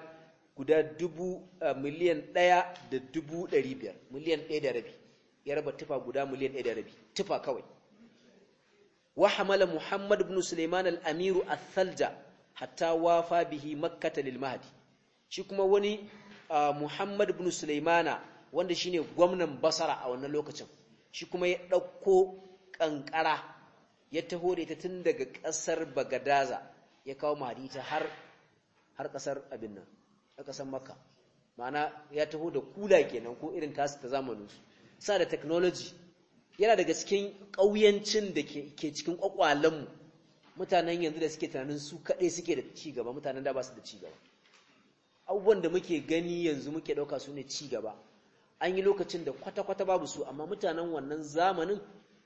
[SPEAKER 1] guda dubu eh, miliyan 1 da dubu 500 miliyan 1 da rabi ya raba tufa guda miliyan 1 da rabi tufa kawai wa hamala muhammad ibn sulaiman al-amiru al-thalja hatta wafa bihi makkata lil mahdi shi kuma wani muhammad ibn sulaimana wanda shine gwamnan basara a wannan lokacin shi kuma ya dauko kankara ya taho da ita tun daga ƙasar bagadaza ya kawo mahdi ta har har kasar abin nan a makka ma'ana ya taho da kula kenan ko irin tasu ta zamanin su sa da technology yana daga cikin ƙauyancin da ke cikin ƙwaƙwalenmu mutanen yanzu da suke tunanin su kaɗai suke da gaba mutanen da ba su da gaba. abubuwan da muke gani yanzu muke ɗauka su ne gaba. an yi lokacin da kwata-kwata babu su amma mutanen wannan zamanin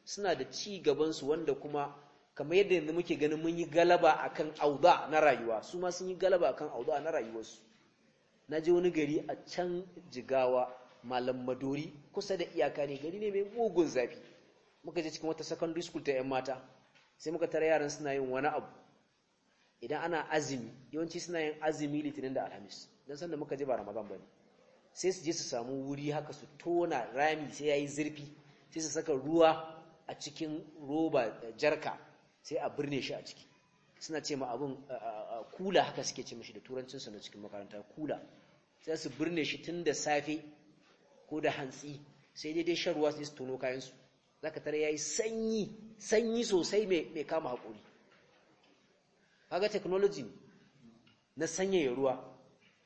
[SPEAKER 1] suna da ci gabansu, wanda kuma kamar yadda yanzu muke ganin mun yi galaba a kan auda na rayuwa su ma sun yi galaba a kan auda na rayuwarsu na je wani gari a can jigawa malam madori kusa da iyaka ne gari ne mai mugun zafi muka je cikin wata secondary school ta 'yan mata sai muka tara yaran suna yin wani abu idan ana azumi yawanci suna yin azumi litinin da alhamis don sanda muka je ba ramadan ba ne sai su je su samu wuri haka su tona rami sai ya yi zurfi sai su saka ruwa a cikin roba jarka sai a birne shi a ciki suna ce ma abin kula haka suke ce mashi da turancinsu na cikin makaranta kula sai su birne shi tun da safe ko da hantsi sai dai dai shan ruwa sai su tono kayansu za ka tara ya yi sanyi sanyi sosai mai kama haƙuri kaga teknoloji na sanyaya ruwa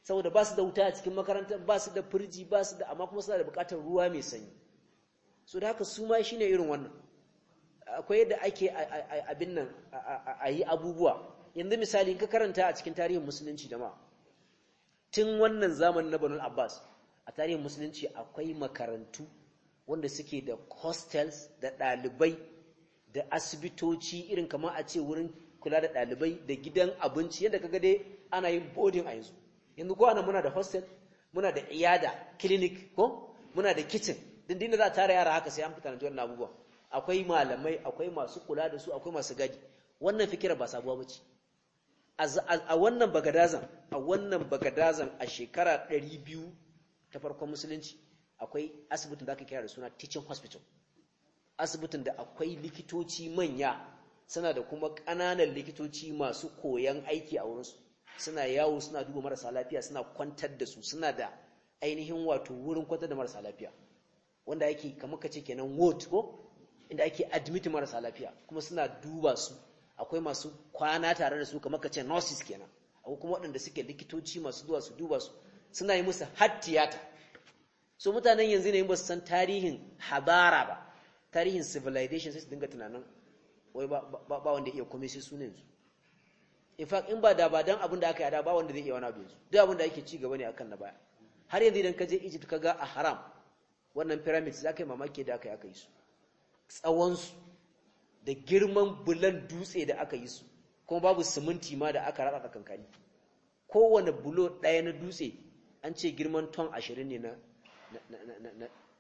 [SPEAKER 1] saboda ba su da wuta a cikin makarantar ba su da firji ba su da amma kuma suna da buƙatar ruwa mai sanyi so da haka su ma shi ne irin wannan akwai yadda ake abin nan a yi abubuwa yanzu misali in ka karanta a cikin tarihin musulunci jama'a tun wannan zamanin na banul abbas a tarihin musulunci akwai makarantu wanda suke da hostels da ɗalibai da asibitoci irin kama a ce wurin kula da ɗalibai da gidan abinci yadda kaga dai ana yin boarding a yanzu yanzu ko ana muna da hostel muna da iyada clinic ko muna da kitchen din dinda za a tara yara haka sai an fita na abubuwa akwai malamai akwai masu kula da su akwai masu gadi wannan fikirar ba sabuwa bace a wannan bagadazan a wannan bagadazan a shekara 200 ta farkon musulunci akwai asibitin da aka kira da suna teaching hospital asibitin da akwai likitoci manya suna da kuma ƙananan likitoci masu koyan aiki a wurinsu suna yawo suna duba marasa lafiya suna kwantar da su suna da ainihin wato wurin kwantar da marasa lafiya wanda ake kamar kace kenan ward ko inda ake admit marasa lafiya kuma suna duba su akwai masu kwana tare da su kamar kace nurses kenan akwai kuma waɗanda suke likitoci masu zuwa su duba su suna yi musu hattiyata so mutanen yanzu ne ba su san tarihin habara ba tarihin civilization sai su dinga tunanin wai ba wanda iya kome sai sunan su in fact in ba da ba dan abin da aka yi ada ba wanda zai iya wani abin su duk abin da ake ci gaba ne akan na baya har yanzu idan ka je Egypt ka ga a haram wannan pyramids za ka yi mamaki da aka yi aka yi su tsawon su da girman bulan dutse da aka yi su kuma babu siminti ma da aka rada kankani kowane bulo ɗaya na dutse an ce girman ton ashirin ne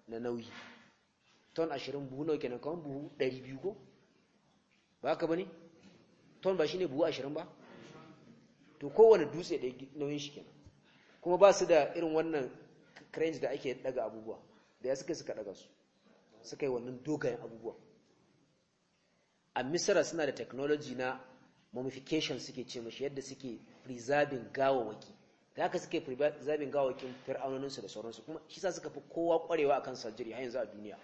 [SPEAKER 1] na nauyi ton ashirin buhu nauke na kawon buhu ɗari biyu ko ba ka ba ne ton ba shi ne buhu ashirin ba to kowane dutse da nauyin shi kenan kuma ba su da irin wannan cranes da ake daga abubuwa da ya suka suka daga su suka yi wannan dogayen abubuwa a misira suna da technology na mummification suke ce mashi yadda suke preserving gawawaki da haka suke zabin gawakin fir'aunoninsu da sauransu kuma shi sa suka fi kowa kwarewa kan sajiri har yanzu a duniya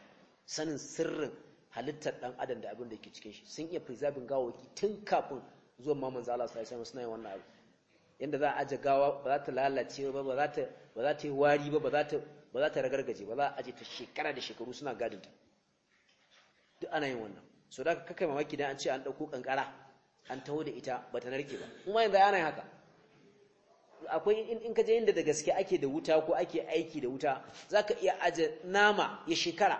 [SPEAKER 1] sanin sirrin halittar dan adam da abin da ke cikin shi sun iya preserving gawaki tun kafin zuwan ma manzo Allah sallallahu suna yin wannan abu yadda za a aje gawa ba za ta lalace ba ba za ta yi wari ba ba za ta za ragargaje ba za a aje ta shekara da shekaru suna gadinta duk ana yin wannan so da ka kai mamaki dan an ce an ɗauko ƙanƙara an taho da ita ba ta narke ba kuma yanzu ana yin haka akwai in ka je inda da gaske ake da wuta ko ake aiki da wuta zaka iya aje nama ya shekara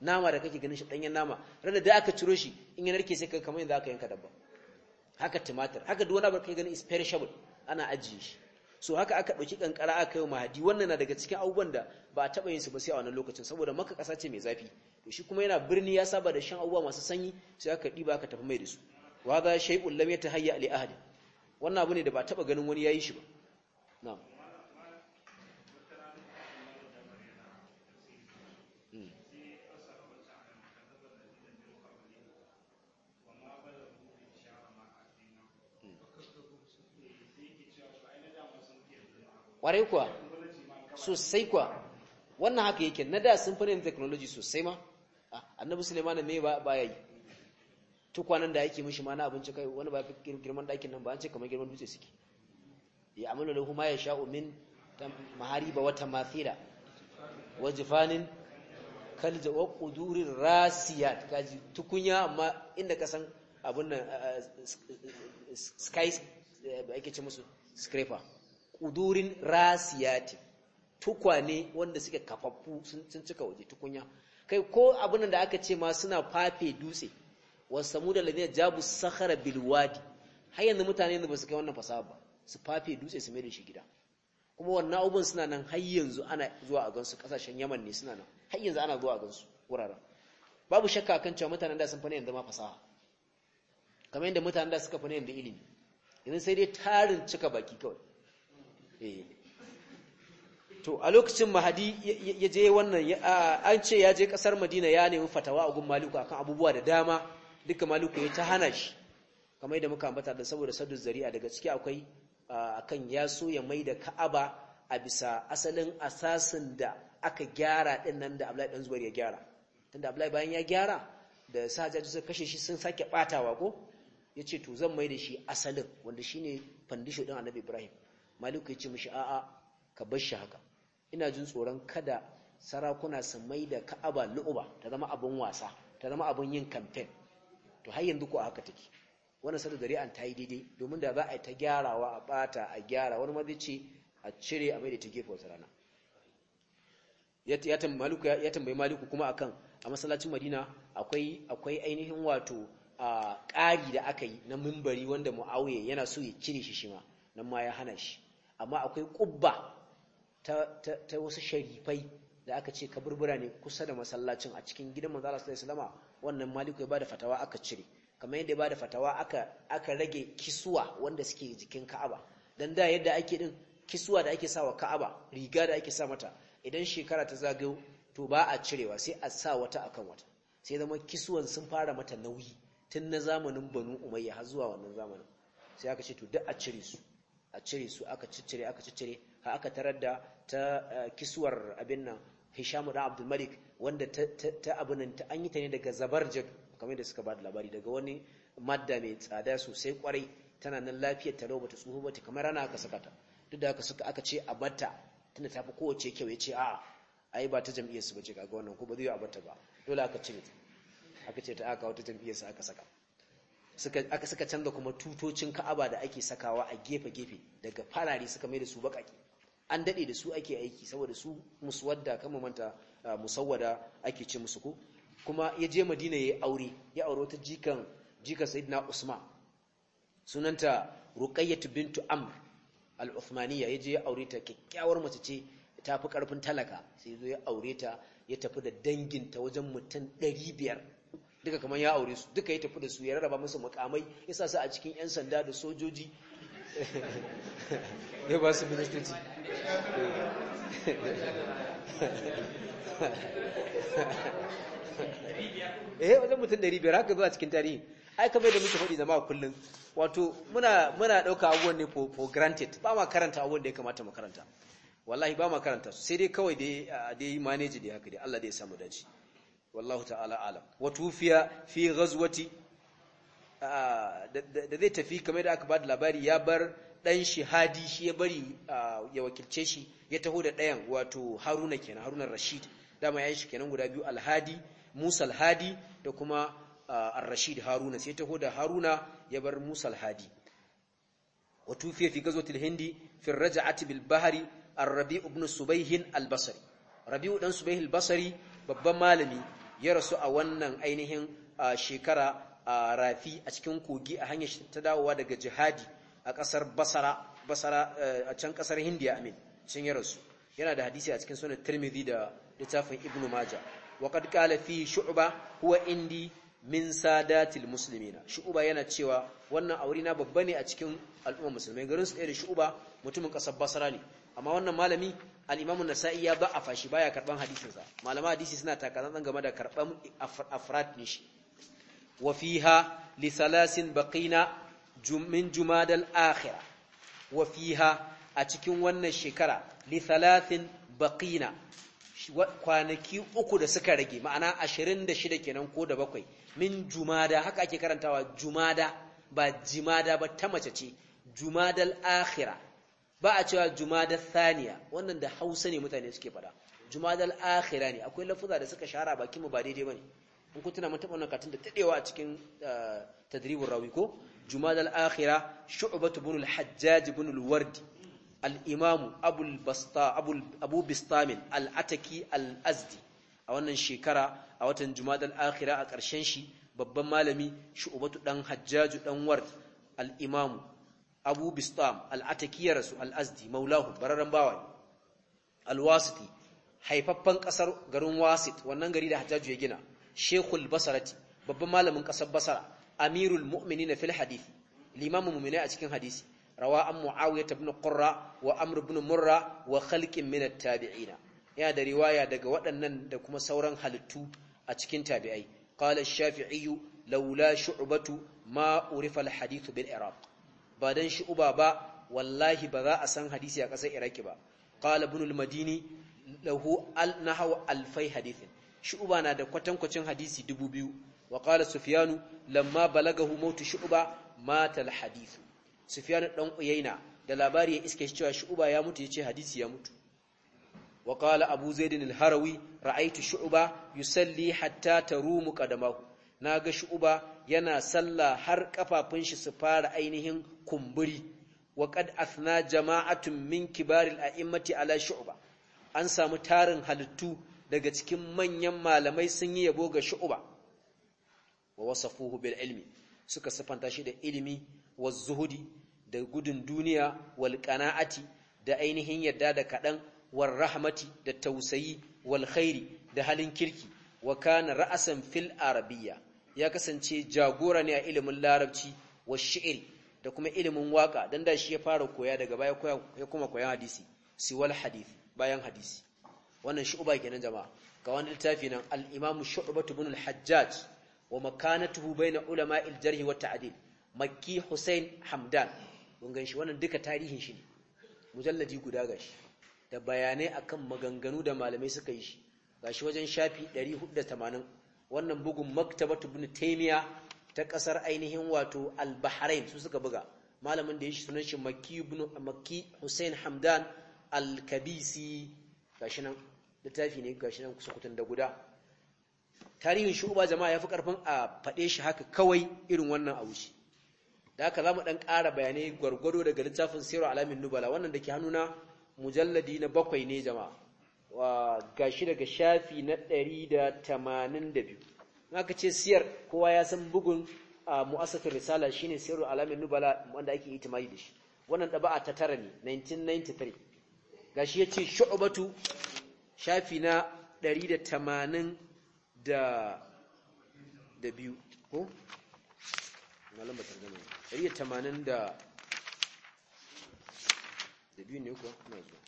[SPEAKER 1] nama da kake ganin shi danyen nama ranar da aka ciro shi in ya narke sai ka kamar yadda aka yanka dabba haka tumatir haka duk wani abu kai ganin is perishable ana ajiye shi so haka aka ɗauki kankara aka yi mahadi wannan na daga cikin abubuwan da ba a taɓa yin su ba sai a wannan lokacin saboda maka ƙasa ce mai zafi to shi kuma yana birni ya saba da shan abubuwa masu sanyi sai aka ɗiba aka tafi mai da su wa za shay'un lam yatahayya li ahadin wannan abu ne da ba taba ganin wani yayi shi ba na'am hmm. kwarai kuwa sosai kuwa wannan haka yake na da sun yin technology sosai ma ah, annabi suleiman ne ba ya yi kwanan da yake mishi ma na abinci kai wani ba girman ɗakin nan ba an ce kamar girman dutse suke ya amalu lahu ma yasha'u min ba wata mafira wa jifanin kalja wa rasiya. rasiyat kaji tukunya amma inda ka san abun nan sky eh, ake ce musu scraper qudurin rasiyati tukwane wanda suke kafaffu sun cika waje tukunya kai ko abun da aka ce ma suna fafe dutse wa samuda ladina jabu sakhara bil wadi har yanzu mutane ne ba su kai wannan fasaha ba su fafe dutse su mai da shi gida kuma wannan abubuwan suna nan har yanzu ana zuwa a gansu kasashen Yaman ne suna nan har yanzu ana zuwa a gansu wuraren babu shakka kan cewa mutanen da sun fane yanzu ma fasaha kamar yadda mutanen da suka fane yanzu ilimi yanzu sai dai tarin cika baki kawai eh to a lokacin mahadi ya je wannan an ce ya je kasar madina ya nemi fatawa a gun maliku akan abubuwa da dama duka maliku ya ta hana shi kamar yadda muka ambata da saboda saddu zari'a daga ciki akwai akan ya so ya mai da ka'aba a bisa asalin asasin da aka gyara din nan da Abdullahi dan Zubair ya gyara tunda Abdullahi bayan ya gyara da sahaja suka kashe shi sun sake batawa ko yace to zan mai da shi asalin wanda shine fandisho din Annabi Ibrahim Maliku ya ce mishi a'a ka bar shi haka ina jin tsoron kada sarakuna su mai da Ka'aba lu'uba ta zama abun wasa ta zama abun yin kamfen. to har yanzu ko haka take wannan sada dare ta yi daidai domin da za a yi ta gyarawa a bata a gyara wani ma zai ce a cire a mai da ta gefe wata rana ya tambayi maliku kuma akan a masallacin madina akwai akwai ainihin wato a ƙari da aka yi na mimbari wanda mu'awiya yana so ya cire shi shima na ma ya hana shi amma akwai ƙubba ta, wasu sharifai da aka ce kaburbura ne kusa da masallacin a cikin gidan manzo Allah sallallahu alaihi wannan maliku ya bada fatawa aka cire kamar yadda ya bada fatawa aka rage kisuwa wanda suke jikin Ka'aba dan da yadda ake din kisuwa da ake sawa Ka'aba riga da ake sa mata idan shekara ta zagayo to ba a cirewa sai a sa wata akan wata sai zama kisuwan sun fara mata nauyi tun na zamanin Banu Umayya har zuwa wannan zamanin sai aka ce to duk a cire su a cire su aka ciccire aka ciccire har aka tarar da ta eh, kisuwar abin nan Hishamu da Abdul Malik wanda ta abinan ta an yi ta ne daga Zabarjad kamar da suka ba da labari daga wani madda mai tsada sosai kwarai tana nan lafiyar ta lau bata ba bata kamar rana aka saka ta duk da aka suka aka ce a batta tunda ta fi kowace kyau ya ce a ai ba ta jam'iyyar su bace kaga wannan ko ba zai yi a batta ba dole aka cire ta aka ce ta aka wata jam'iyyar su aka saka suka aka suka canza kuma tutocin Ka'aba da ake sakawa a gefe gefe daga farare suka mai da su baƙaƙe an daɗe da su ake aiki saboda su musuwadda kan manta ah, musawwada ake ce musu ko kuma ya je madina ya aure ya aure wata jikan jika na usman sunanta ruqayyatu bintu amr al-uthmaniyya ya je ya aure ta kyakkyawar mace ce ta fi karfin talaka sai zo ya aure ta ya tafi da danginta wajen mutum biyar. duka kamar ya aure su duka ya tafi da su ya rarraba musu mukamai ya sa su a cikin 'yan sanda da sojoji Eu ya ba su ministoci eh wajen mutum 500 haka zuwa cikin tarihi ai kamar da muke faɗi zama a kullum wato muna muna ɗauka abubuwan ne for for granted ba ma karanta abubuwan da ya kamata mu karanta wallahi ba ma karanta su sai dai kawai dai dai manage dai haka dai Allah dai ya samu dace wallahu ta'ala alam wa tufiya fi ghazwati da zai tafi kamar da aka ba da labari ya bar ɗan shi hadi shi ya bari ya wakilce shi ya taho da ɗayan wato haruna kenan haruna rashid dama ya yi shi kenan guda biyu alhadi musa alhadi da kuma rashid haruna sai taho da haruna ya bar musa alhadi وتوفي في غزوة الهند في الرجعة بالبحر rabi بن subaihin albasari rabi بن subaihin albasari babban malami ya rasu a wannan ainihin shekara A rafi a cikin kogi a hanyar ta dawowa daga jihadi a ƙasar basara basara eh, a can ƙasar hindiya amin cin ya rasu yana da hadisi a cikin sunan tirmidhi da littafin ibn Maja wa qad fi shu'ba huwa indi min sadatil muslimina shu'ba yana cewa wannan aure na babba ne a cikin al'umma musulmai garin su da shu'ba mutumin ƙasar basara ne amma wannan malami al-imamu nasa'i ya ba a fashi baya karban hadisinsa malama hadisi suna takazan game da karban afrat ne shi Wafiha fiha li salasin baqina min a cikin wannan shekara li salasin kwanaki uku da suka rage ma'ana ashirin da shida kenan ko da bakwai min jumada haka ake karantawa jumada ba jimada ba ta mace ce jumadal akhira. ba a cewa jumadar thaniya wannan da hausa ne mutane suke fada Jumadal akhira ne akwai lafuza da suka shara baki mu ba daidai bane in kun tuna mun taɓa wannan katin da taɗewa a cikin eh, tadribin rawi ko jumada al-akhira shu'batu bin al-hajjaj bin al-wardi al-imam basta abu bistamin al-ataki al-azdi a wannan shekara a watan jumada al-akhira a ƙarshen shi babban malami shu'bat dan hajjaj dan ward al-imam abu bistam al-ataki ya rasu al-azdi maulahu bararan bawa al-wasiti haifaffen ƙasar garin wasit wannan gari da hajjaju ya gina shekul basarati babban malamin ƙasar basara amirul na fil hadisi limamin mu'minai a cikin hadisi rawa an muawiya ibn qurra wa amr ibn murra wa khalqin mina tabiina ya da riwaya daga waɗannan da kuma sauran halittu a cikin tabi'ai qala ash laula shu'ubatu ma urifa al-hadith bil iraq ba dan shu'uba ba wallahi ba za a san hadisi a ƙasar iraki ba qala ibn al-madini lahu al alfai hadithin Shu'uba na da kwatankwacin hadisi dubu biyu wa qala sufyanu lamma balagahu mautu shu'ba mata al hadisu. sufyanu dan uyaina da labari ya iske cewa shu'ba ya mutu ya ce hadisi ya mutu wa qala abu zaidin alharawi harawi Shu'uba shu'ba yusalli hatta tarumu qadamahu ga Shu'uba yana sallah har kafafun shi su fara ainihin kumburi wa kad athna jama'atun min kibaril a'immati ala Shu'uba. an samu tarin halittu daga cikin manyan malamai sun yi yabo ga shu'uba wa wasafuhu bil ilmi suka sifanta shi da ilimi wa zuhudi da gudun duniya wal qana'ati da ainihin yadda da kadan war rahmati da tausayi wal khairi da halin kirki wa kana ra'asan fil arabiyya ya kasance jagora ne a ilimin larabci wa shi'ri da kuma ilimin waka dan da shi ya fara koya daga baya ya kuma koyan hadisi siwal hadith bayan hadisi wannan shu'ba kenan jama'a ga wani littafi nan al-imamu shu'batu ibn al-hajjaj wa makanatuhu bayna ulama al-jarh wa ta'dil makki hamdan mun ganshi wannan duka tarihin shi ne mujalladi guda gashi da bayanai akan maganganu da malamai suka yi shi gashi wajen shafi 480 wannan bugun maktabatu ibn taymiya ta kasar ainihin wato al-bahrain su suka buga malamin da ya shi sunan shi makki ibn makki husain hamdan al-kabisi gashi nan littafi ne gashi nan kusa da guda tarihin shuba jama'a fi karfin a faɗe shi haka kawai irin wannan a wuce da haka zamu dan kara bayanai gwargwado daga littafin sayarwa Alamin Nubala wannan dake na mujalladi na bakwai ne jama'a wa gashi daga shafi na ɗari da da biyu haka ce siyar kowa ya san bugun a mu'asafin risala shine sayarwa Alamin Nubala wanda ake itimadi da shi wannan ɗaba'a ta tara ne 1993 gashi ce shu'batu shafi na 180 da da biyu ko malam ba ne? Ɗari da da biyu ne ko na zuwa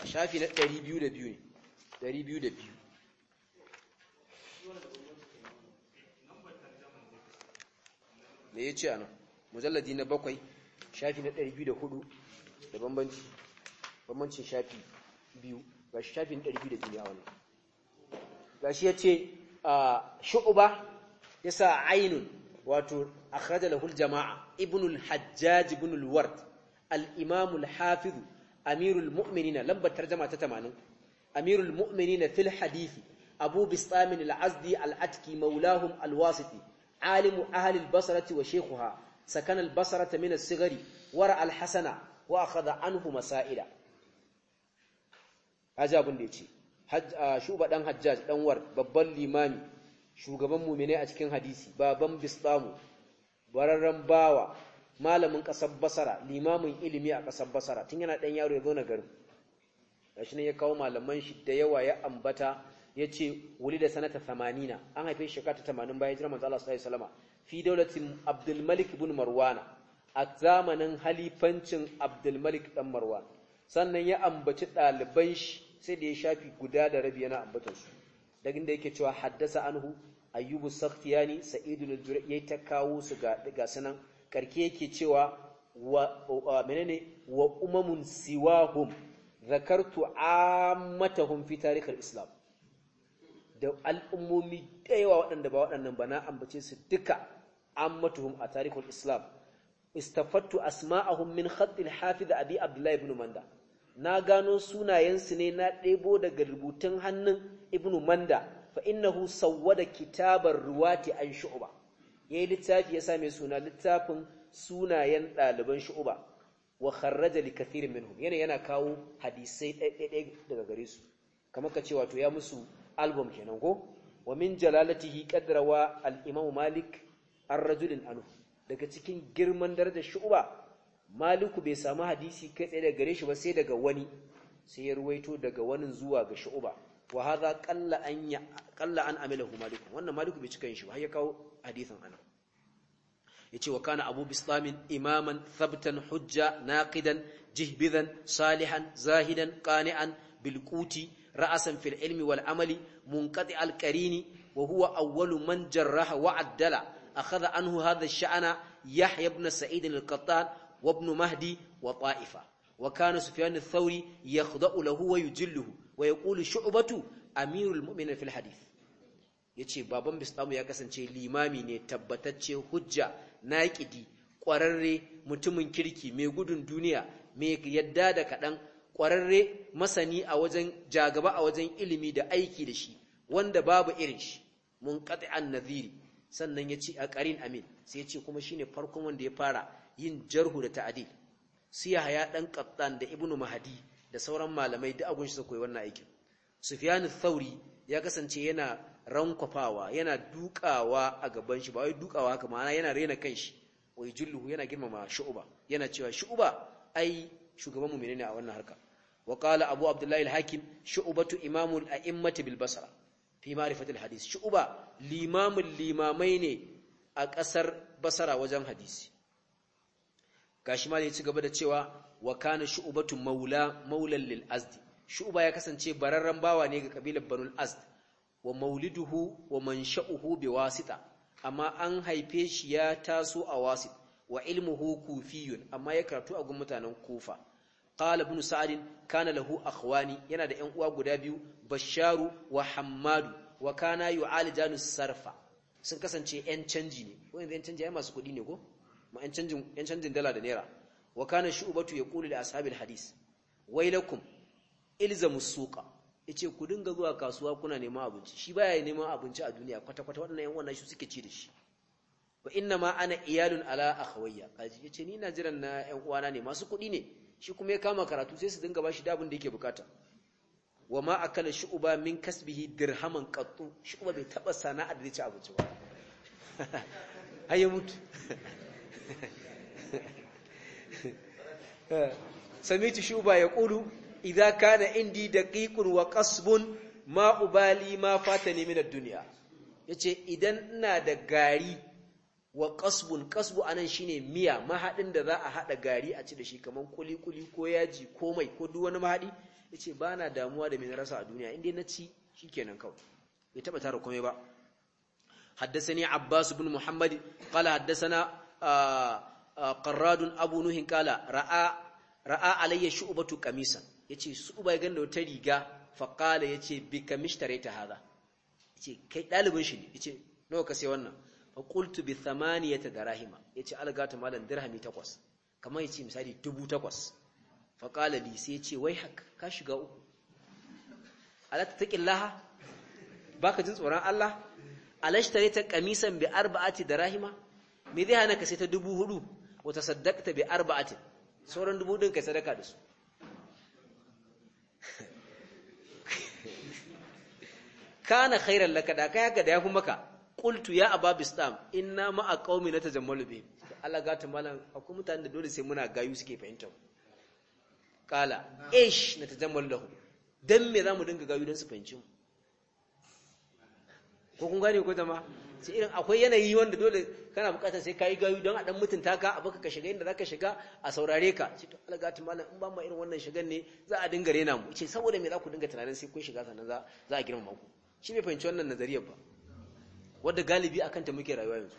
[SPEAKER 1] a shafi na biyu ne biyu da biyu. me ya ce a nan mujalladi na bakwai shafi na ɗari biyu da hudu da bambanci bambancin shafi biyu ga shafi na ɗari biyu da a wani ga shi ya ce shu'uba ya sa ainun wato akhraja lahul jama'a ibnul hajjaj ibnul ward al-imam al-hafiz amirul mu'minina lambar ta tamanin, amirul mu'minina fil hadisi abu bistamin al-azdi al-atki al-wasiti alimu ahli Basarati, basrati wa shaykhuha Sakanar Basara basarata min as-sigari wara al-hasana wa akhadha anhu masa'ida? ajabun da yace shuba dan hajjaj dan war limami shugaban mu'mine a cikin hadisi baban bistamu bararran bawa malamin ƙasar basara limamin ilimi a ƙasar basara tun yana ɗan yaro ya zo na garin gashi ya kawo malaman shi da yawa ya ambata ya ce wuli da sanata tamanina an haife shi shekara ta 80 bayan jiran manzo Allah sallallahu alaihi wasallam fi daulatin Abdul Malik ibn a zamanin halifancin abdulmalik Malik dan Marwan sannan ya ambaci daliban shi sai da ya shafi guda da rabi yana ambatar su daga inda yake cewa haddasa anhu ayyubu sakhtiyani sa'idu al-jura yayi ta kawo su ga ga sanan karke yake cewa wa menene wa umamun siwahum zakartu ammatahum fi tarikh al-islam da al'ummomi da yawa waɗanda ba waɗannan ba na ambace su duka an ammatuhum a tarihul islam istafattu asma'ahum min hafi da abi abdullahi ibn manda na gano sunayensu ne na ɗebo daga rubutun hannun ibn manda fa innahu da kitabar ruwati an ya yayi littafi ya same suna littafin sunayen ɗaliban shu'uba wa kharraja li kathirin minhum yana yana kawo hadisai ɗaiɗaiɗai daga gare su kamar ka ce wato ya musu album kenan ko wa min jalalatihi qadrawa al-imam malik ar-rajul daga cikin girman darajar shu'ba maliku bai samu hadisi kai tsaye daga gare shi ba sai daga wani sai ya ruwaito daga wani zuwa ga shu'ba wa hadha qalla an ya qalla an amilahu maliku wannan maliku bai cika yin shi ba ya kawo hadisin Anu. yace wa kana abu bislamin imaman thabtan hujja naqidan jihbidan salihan zahidan qani'an bilquti ra'asan fil ilmi wal amali munqati al qarini wa huwa awwalu man jarraha wa addala akhadha anhu hadha ash-sha'na yahya ibn sa'id al-qattan wa ibn mahdi wa ta'ifa wa kana sufyan ath-thawri yakhda'u lahu wa yujilluhu wa yaqulu shu'batu amirul mu'minin fil hadith yace baban bisamu ya kasance limami ne tabbatacce hujja naqidi kwararre mutumin kirki mai gudun duniya mai yadda da kaɗan ƙwararre masani a wajen jagaba a wajen ilimi da aiki da shi wanda babu irin shi mun an naziri sannan ya ce a ƙarin amin sai ya ce kuma shi ne farkon wanda ya fara yin jarhu da ta'adil su ya haya ɗan ƙattan da ibnu mahadi da sauran malamai da agunshi shi su koyi wannan aikin sufyanu thauri ya kasance yana rankwafawa yana dukawa a gaban shi ba wai dukawa haka ma'ana yana rena kan shi wai julluhu yana girmama shu'uba yana cewa shu'uba ai shugaban mu menene a wannan harkar. وقال أبو عبد الله الحاكم شعبة إمام الأئمة بالبصرة في معرفة الحديث شعبة الإمام الإمامين أكثر بصرة وزن حديث كاشمال يتسقب دا تشوى وكان شعبة مولى مولى للأزد شعبة يكسن تشي بررن باواني قبيلة بنو الأزد ومولده ومنشأه بواسطة أما أن هيبيش يا تاسو أواسط وعلمه كوفي أما يكرتو أقوم متانا كوفا قال ابن سعد kana lahu اخواني yana da ƴan uwa guda biyu basharu wa hammadu wa kana yu'alijanu sarfa sun kasance ƴan canji ne ko ƴan canji ai masu kuɗi ne ko ma ƴan canjin ƴan canjin dala da naira wa kana shu'batu yaqulu li ashabil hadis waylakum ilzamu suqa yace ku dinga zuwa kasuwa kuna neman abinci shi baya neman abinci a duniya kwata kwata waɗannan ƴan wannan shi suke ci da shi wa inna ma ana iyalun ala akhawayya kaji yace ni na jiran na ƴan uwana ne masu kudi ne shi kuma ya kama karatu sai su dinga bashi dabin da yake bukata wa ma akala shu'uba min kasbihi dirhaman qattu shu'uba bai taba sana'a da ci abinci ba ayi mutu samitu ya qulu idza kana indi daqiqun wa qasbun ma ubali ma fatani min ad-dunya yace idan ina da gari wa kasbun kasbu anan shine miya mahadin da za a hada gari a ci da shi kaman kuli kuli ko yaji ko mai ko duk wani mahadi yace ba na damuwa da min rasa a duniya inda na ci shikenan kawai bai taba tara komai ba haddathani bin Muhammad, muhammad qala haddathana قراد Abu Nuhin qala ra'a ra'a alayya shu'batu qamisan yace su ba ya ganda wata riga qala yace bi kamishtareta hada yace kai dalibin shi ne yace nawa ka sai wannan qultu bi thamaniyati darahima yace algata malan dirhami takwas kamar yace misali dubu takwas fa qala li sai yace wai hak ka shiga uku alata taqillaha baka jin tsoron Allah alashtari ta qamisan bi arba'ati darahima me zai hana ka sai ta dubu hudu wa tasaddaqta bi arba'ati sauran dubu din kai sadaka da su kana khairan laka da kai haka da yafi maka qultu ya aba bistam inna ma a qaumi na tajammalu bi Allah ga malam akwai mutanen da dole sai muna gayu suke fahimta kala ish na tajammalu lahu dan me zamu dinga gayu dan su fahimci mu ko kun gane ko jama'a sai irin akwai yanayi wanda dole kana bukata sai kai gayu don a dan mutunta ka a baka ka shiga inda zaka shiga a saurare ka ce to algatu malam in ba mu irin wannan shigan ne za a dinga rena mu ce saboda me za ku dinga tunanin sai kun shiga sannan za a girmama ku shi bai fahimci wannan nazariyar ba wadda galibi a ta muke rayuwa yanzu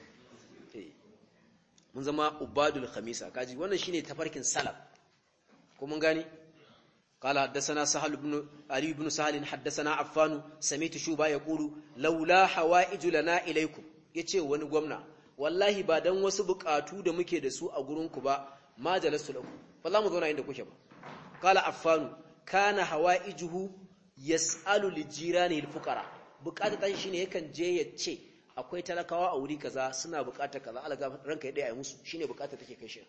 [SPEAKER 1] eh. mun zama ubadul khamisa kaji wannan shine tafarkin salaf ko mun gani قال حدثنا ibn بن علي بن سهل حدثنا عفان سمعت شوبه يقول laula hawaiju lana اليكم yace wani gwamna wallahi ba dan wasu bukatu da muke da su a gurin ku ba ma jalastu lakum wallahi mu zauna inda kuke ba qala affanu kana hawaijuhu yas'alu lijirani alfuqara bukatan shine yakan je yace akwai talakawa a wuri kaza suna bukatar kaza alaga ranka ya daya musu shine bukatar take kai shi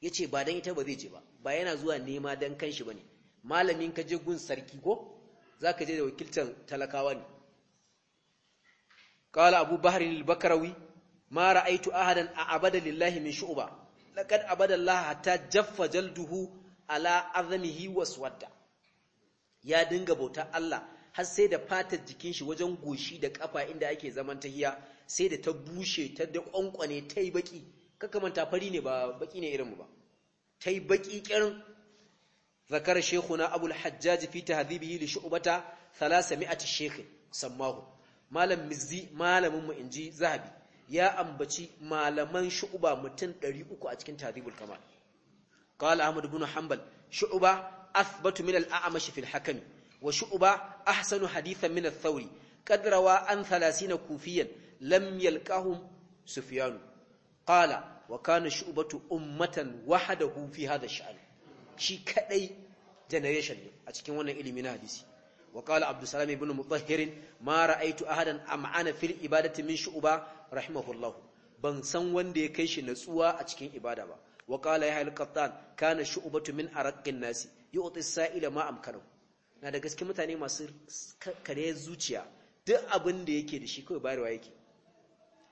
[SPEAKER 1] yace ba dan ita ba zai je ba ba yana zuwa nema dan kanshi bane malamin ka je gun sarki ko zaka je da wakiltan talakawa ne qala abu bahr al-bakrawi ma ra'aytu ahadan abada lillahi min shu'ba laqad abada Allah hatta jaffa jalduhu ala azmihi waswada ya dinga bauta Allah har sai da fatar jikin shi wajen goshi da kafa inda ake zaman ta tahiya sai da ta bushe ta da kwankwane ta yi baki kakamanta fari ne ba baki ne irinmu ba ta yi baki kirin zakar shekuna abul hajjaji fi tahdhibihi li shu'bata 300 shekh sammahu malam mizzi malamin mu inji zahabi ya ambaci malaman shu'ba mutum 300 a cikin tahdhibul kamal qala ahmad ibn hanbal shu'ba athbatu min al-a'mash fi al-hakami wa shu'ba ahsanu hadithan min ath-thawri qad rawa an 30 kufiyan lam yalqahum sufyan qala wa kana shu'batu ummatan wahdahu hufi hada ash-sha'n shi kadai generation ne a cikin wannan ilimi na hadisi wa qala abdus salam ibn mutahhir ma ra'aytu ahadan am'ana fil ibadati min shu'ba rahimahullah ban san wanda ya kai shi natsuwa a cikin ibada ba wa qala ya al-qattan kana shu'batu min araqqin nasi yu'ti as-sa'ila ma amkanahu na da gaske mutane masu kare zuciya duk abin da yake da shi kawai bayarwa yake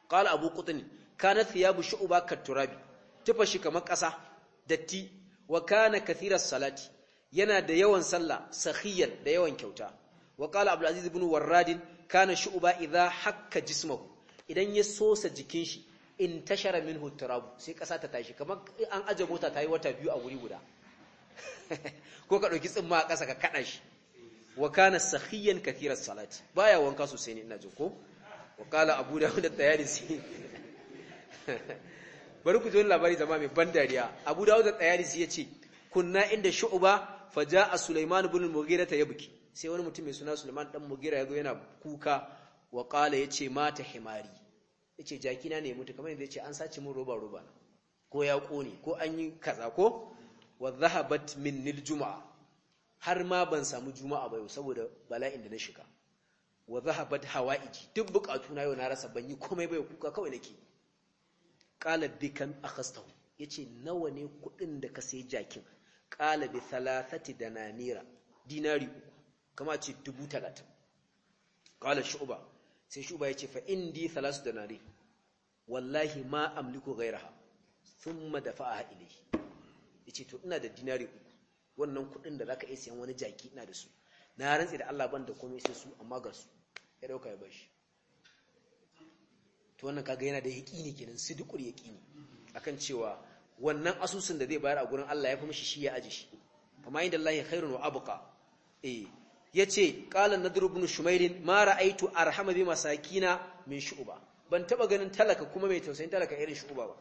[SPEAKER 1] qala abu qutni kana thiyabu shu'ba turabi tufa shi kamar ƙasa datti wa kana salati yana da yawan sallah sahiyan da yawan kyauta wa qala abdul aziz ibn warrad kana shu'ba idha hakka jismahu idan ya sosa jikin shi in tashara minhu turabu sai ƙasa ta tashi kamar an ajiye mota ta yi wata biyu a wuri guda ko ka ɗauki tsimma a ƙasa ka kaɗa shi wa kana sakhiyan kathira salati baya wanka sosai ne ina jin ko wa qala abu dawud at-tayalisi bari ku ji labari zama mai ban dariya abu dawud at-tayalisi yace kunna inda shu'ba faja'a sulaiman ibn al-mughira yabki sai wani mutum mai suna sulaiman dan mughira yazo yana kuka wa qala yace mata himari yace jaki na ne mutu kamar yanzu yace an sace mun roba roba ko ya kone ko an yi kaza ko wa dhahabat min niljuma. har ma ban samu juma'a ba yau saboda bala'in da na shiga wa zahabat hawaiji duk bukatu na yau na rasa ban yi komai ba kuka kawai nake qala bikan akhastahu yace nawa ne kudin da ka sai jakin qala bi thalathati dananira dinari uku kama ce dubu talatin qala shu'ba sai shu'ba yace fa indi thalath danari wallahi ma amliku ghayraha thumma dafa'aha ilayhi yace to ina da dinari uku wannan kuɗin da zaka iya siyan wani jaki ina da su na rantsi da Allah ban da komai sai su amma ga su ya dauka ya bashi to wannan kaga yana da yaqini kenan su sidiqul yaqini akan cewa wannan asusun da zai bayar a gurin Allah ya fi mishi shi ya aje shi amma inda Allah khairun wa abqa eh yace qala nadru ibn shumairin ma ra'aitu arhama bi masakina min shu'ba ban taba ganin talaka kuma mai tausayin talaka irin shu'ba ba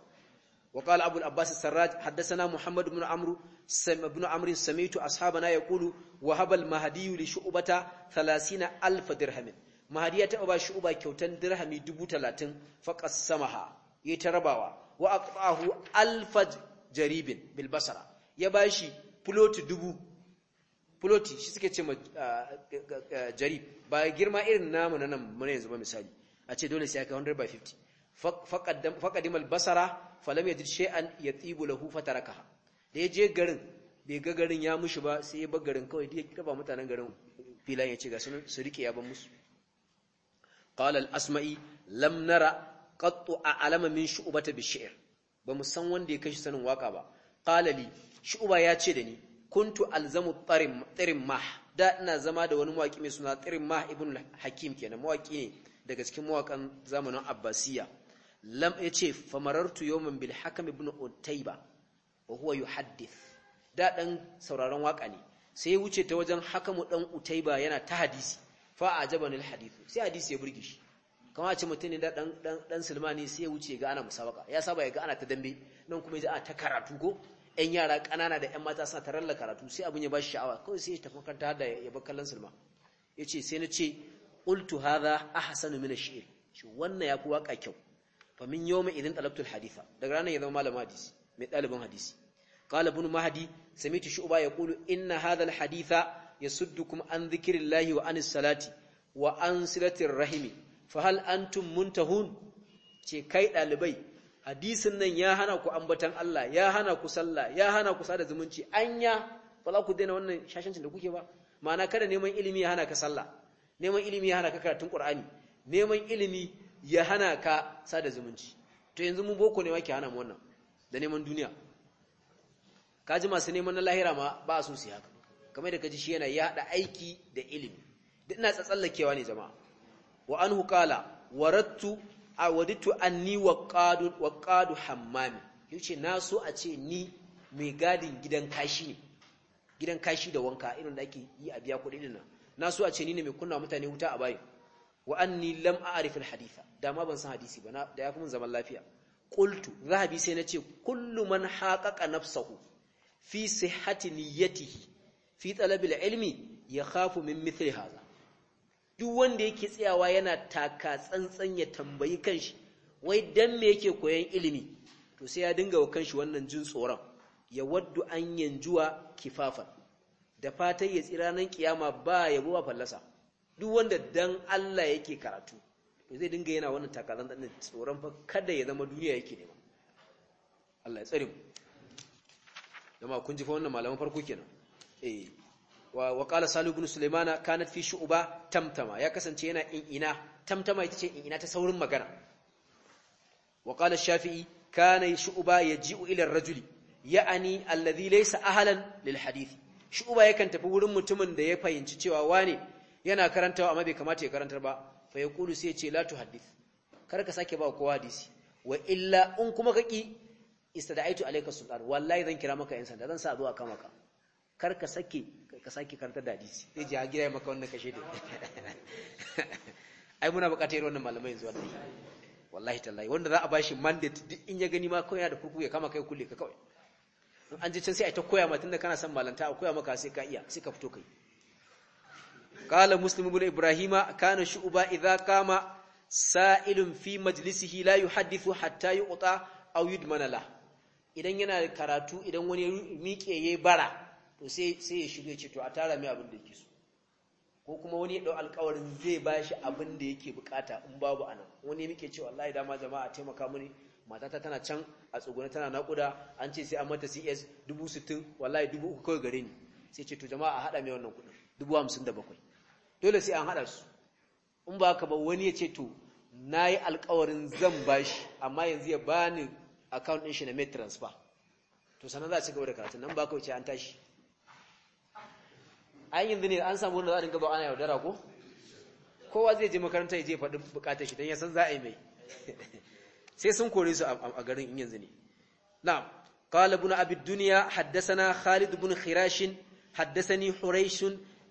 [SPEAKER 1] وقال أبو العباس السراج حدثنا محمد بن عمرو سم بن عمرو سمعت أصحابنا يقول وهب المهدي لشعبة ثلاثين ألف درهم مهدي يتبع شعبة كوتن درهم دبو تلاتن فقسمها يتربوا وأقطعه ألف جريب بالبصرة يباشي بلوت دبو fuloti shi suke ce ma jarib ba girma irin namu na nan muna yanzu ba misali a ce dole sai aka 100 by 50 faqadima al-basara falam yajid shay'an yatibu lahu fatarakaha da ya je garin bai ga garin ya mushi ba sai ya bar garin kawai da ya kaba mutanen garin filan ya ce ga sun su rike ya ban musu qala al-asma'i lam nara qattu a'lama min shu'bata bi-shi'r ba mu san wanda ya kashi sanin waka ba qala li shu'ba ya ce da ni kuntu alzamu tarim tarim ma da ina zama da wani mawaki mai suna tarim ma ibn hakim kenan Mawaki ne daga cikin mawakan zamanin abbasiyya lam ya ce famarartu yawon bil hakam ibn Utaiba. wa huwa yuhaddith da dan sauraron waka ne sai ya wuce ta wajen hakamu dan Utaiba yana ta hadisi fa ajabani al sai hadisi ya burge shi kama ce mutum ne dan dan dan sulmani sai ya wuce ga ana musabaka ya saba ya ga ana ta dambe nan kuma ya ta karatu ko ƴan yara ƙanana da ƴan mata suna taralla karatu sai abin ya ba shi sha'awa kawai sai ya tafi makaranta da ya bar kallon sulma ya ce sai na ce ƙultu hadha ahsanu min ash-shi'r shi wannan ya fi waka kyau fa min yawma idin talabtul haditha daga ranar ya zama malamin hadisi mai ɗaliban hadisi qala ibn mahdi samitu shu'ba yaqulu inna hadha alhaditha yasuddukum an dhikrillahi wa anis salati wa an silatir rahimi fa hal antum muntahun ce kai ɗalibai hadisin nan ya hana ku ambatan Allah ya hana ku sallah ya hana ku sada zumunci anya ba za ku daina wannan shashancin da kuke ba ma'ana kada neman ilimi ya hana ka sallah neman ilimi ya hana ka karatun ƙur'ani neman ilimi ya hana ka sada zumunci to yanzu mun boko ne wake hana mu wannan da neman duniya ka ji masu neman na lahira ma ba su su haka kamar da ka shi yana ya haɗa aiki da ilimi duk ina tsatsallakewa ne jama'a wa anhu qala warattu a waditu anni waqadu waqadu hammami yace na so a ce ni mai gadin gidan kashi ne gidan kashi da wanka irin da ake yi a biya kuɗi din nan na so a ce ni ne mai kunna mutane wuta a bayan wa anni lam a'rif al-haditha da ma ban san hadisi ba da ya kuma zaman lafiya qultu zahabi sai nace kullu man haqaqa nafsahu fi sihhati niyyatihi fi talab al-ilmi yakhafu min mithli hadha duk wanda yake tsayawa yana taka tsantsan ya tambayi kanshi wai dan me yake koyan ilimi to sai ya dinga wa kanshi wannan jin tsoron ya waddu an yanjuwa kifafan da fatan ya tsira nan kiyama ba yabo ba fallasa duk wanda dan Allah yake karatu me zai dinga yana wannan takalan da tsoron fa kada ya zama duniya yake ne Allah ya tsare mu dama kun ji fa wannan malaman farko kenan eh wa wa qala salu ibn sulaimana kanat fi shu'ba tamtama ya kasance yana in ina tamtama ita ce in ina ta saurin magana wa qala shafi'i kana shu'ba yaji'u ila ar-rajuli ya'ani alladhi laysa ahlan lil hadith shu'ba yakan tafi wurin mutumin da ya fahimci cewa wane yana karantawa amma bai kamata ya karantar ba fa ya kulu sai ya ce la hadith kar ka sake ba kowa hadisi wa illa in kuma ka ki istada'aitu alayka sultan wallahi zan kira maka yan sanda zan sa zuwa ka maka kar ka sake ka sake karantar da hadisi sai ji a gira maka wannan kashe da ai muna bukatar irin wannan malamai yanzu wallahi wallahi tallahi wanda za a bashi mandate duk in ya gani ma kawai da kurkuku ya kama kai kulle ka kawai an ji can sai a ta koya ma tunda kana son malanta a koya maka sai ka iya sai ka fito kai قال مسلم بن ibrahima كان شعبا idza قام سائل في majlisihi لا يحدث حتى yuqta aw يدمن له idan yana karatu idan wani miƙe ya bara to sai sai ya shige ce to a tara mai abin da yake so ko kuma wani ya dau alƙawarin zai bashi abin da yake bukata in babu anan wani miƙe ce wallahi dama jama'a taimaka mini matata tana can a tsuguna tana nakuda an ce sai an mata CS 60 wallahi 3000 kawai gare ni sai ce to jama'a a hada mai wannan kudin 57 dole sai an haɗa su in ba ka ba wani ya ce to na yi alkawarin zan bashi amma yanzu ya bani account ɗin shi na mai ba, to sannan za a ci gaba da karatun nan ba kawai ce an tashi an yanzu ne an samu wurin da za a dinga ba ana yaudara ko kowa zai je makaranta ya je faɗi bukatar shi don ya san za a yi mai sai sun kore su a garin in yanzu ne na'am qala ibn abi dunya haddathana khalid ibn khirash haddathani huraysh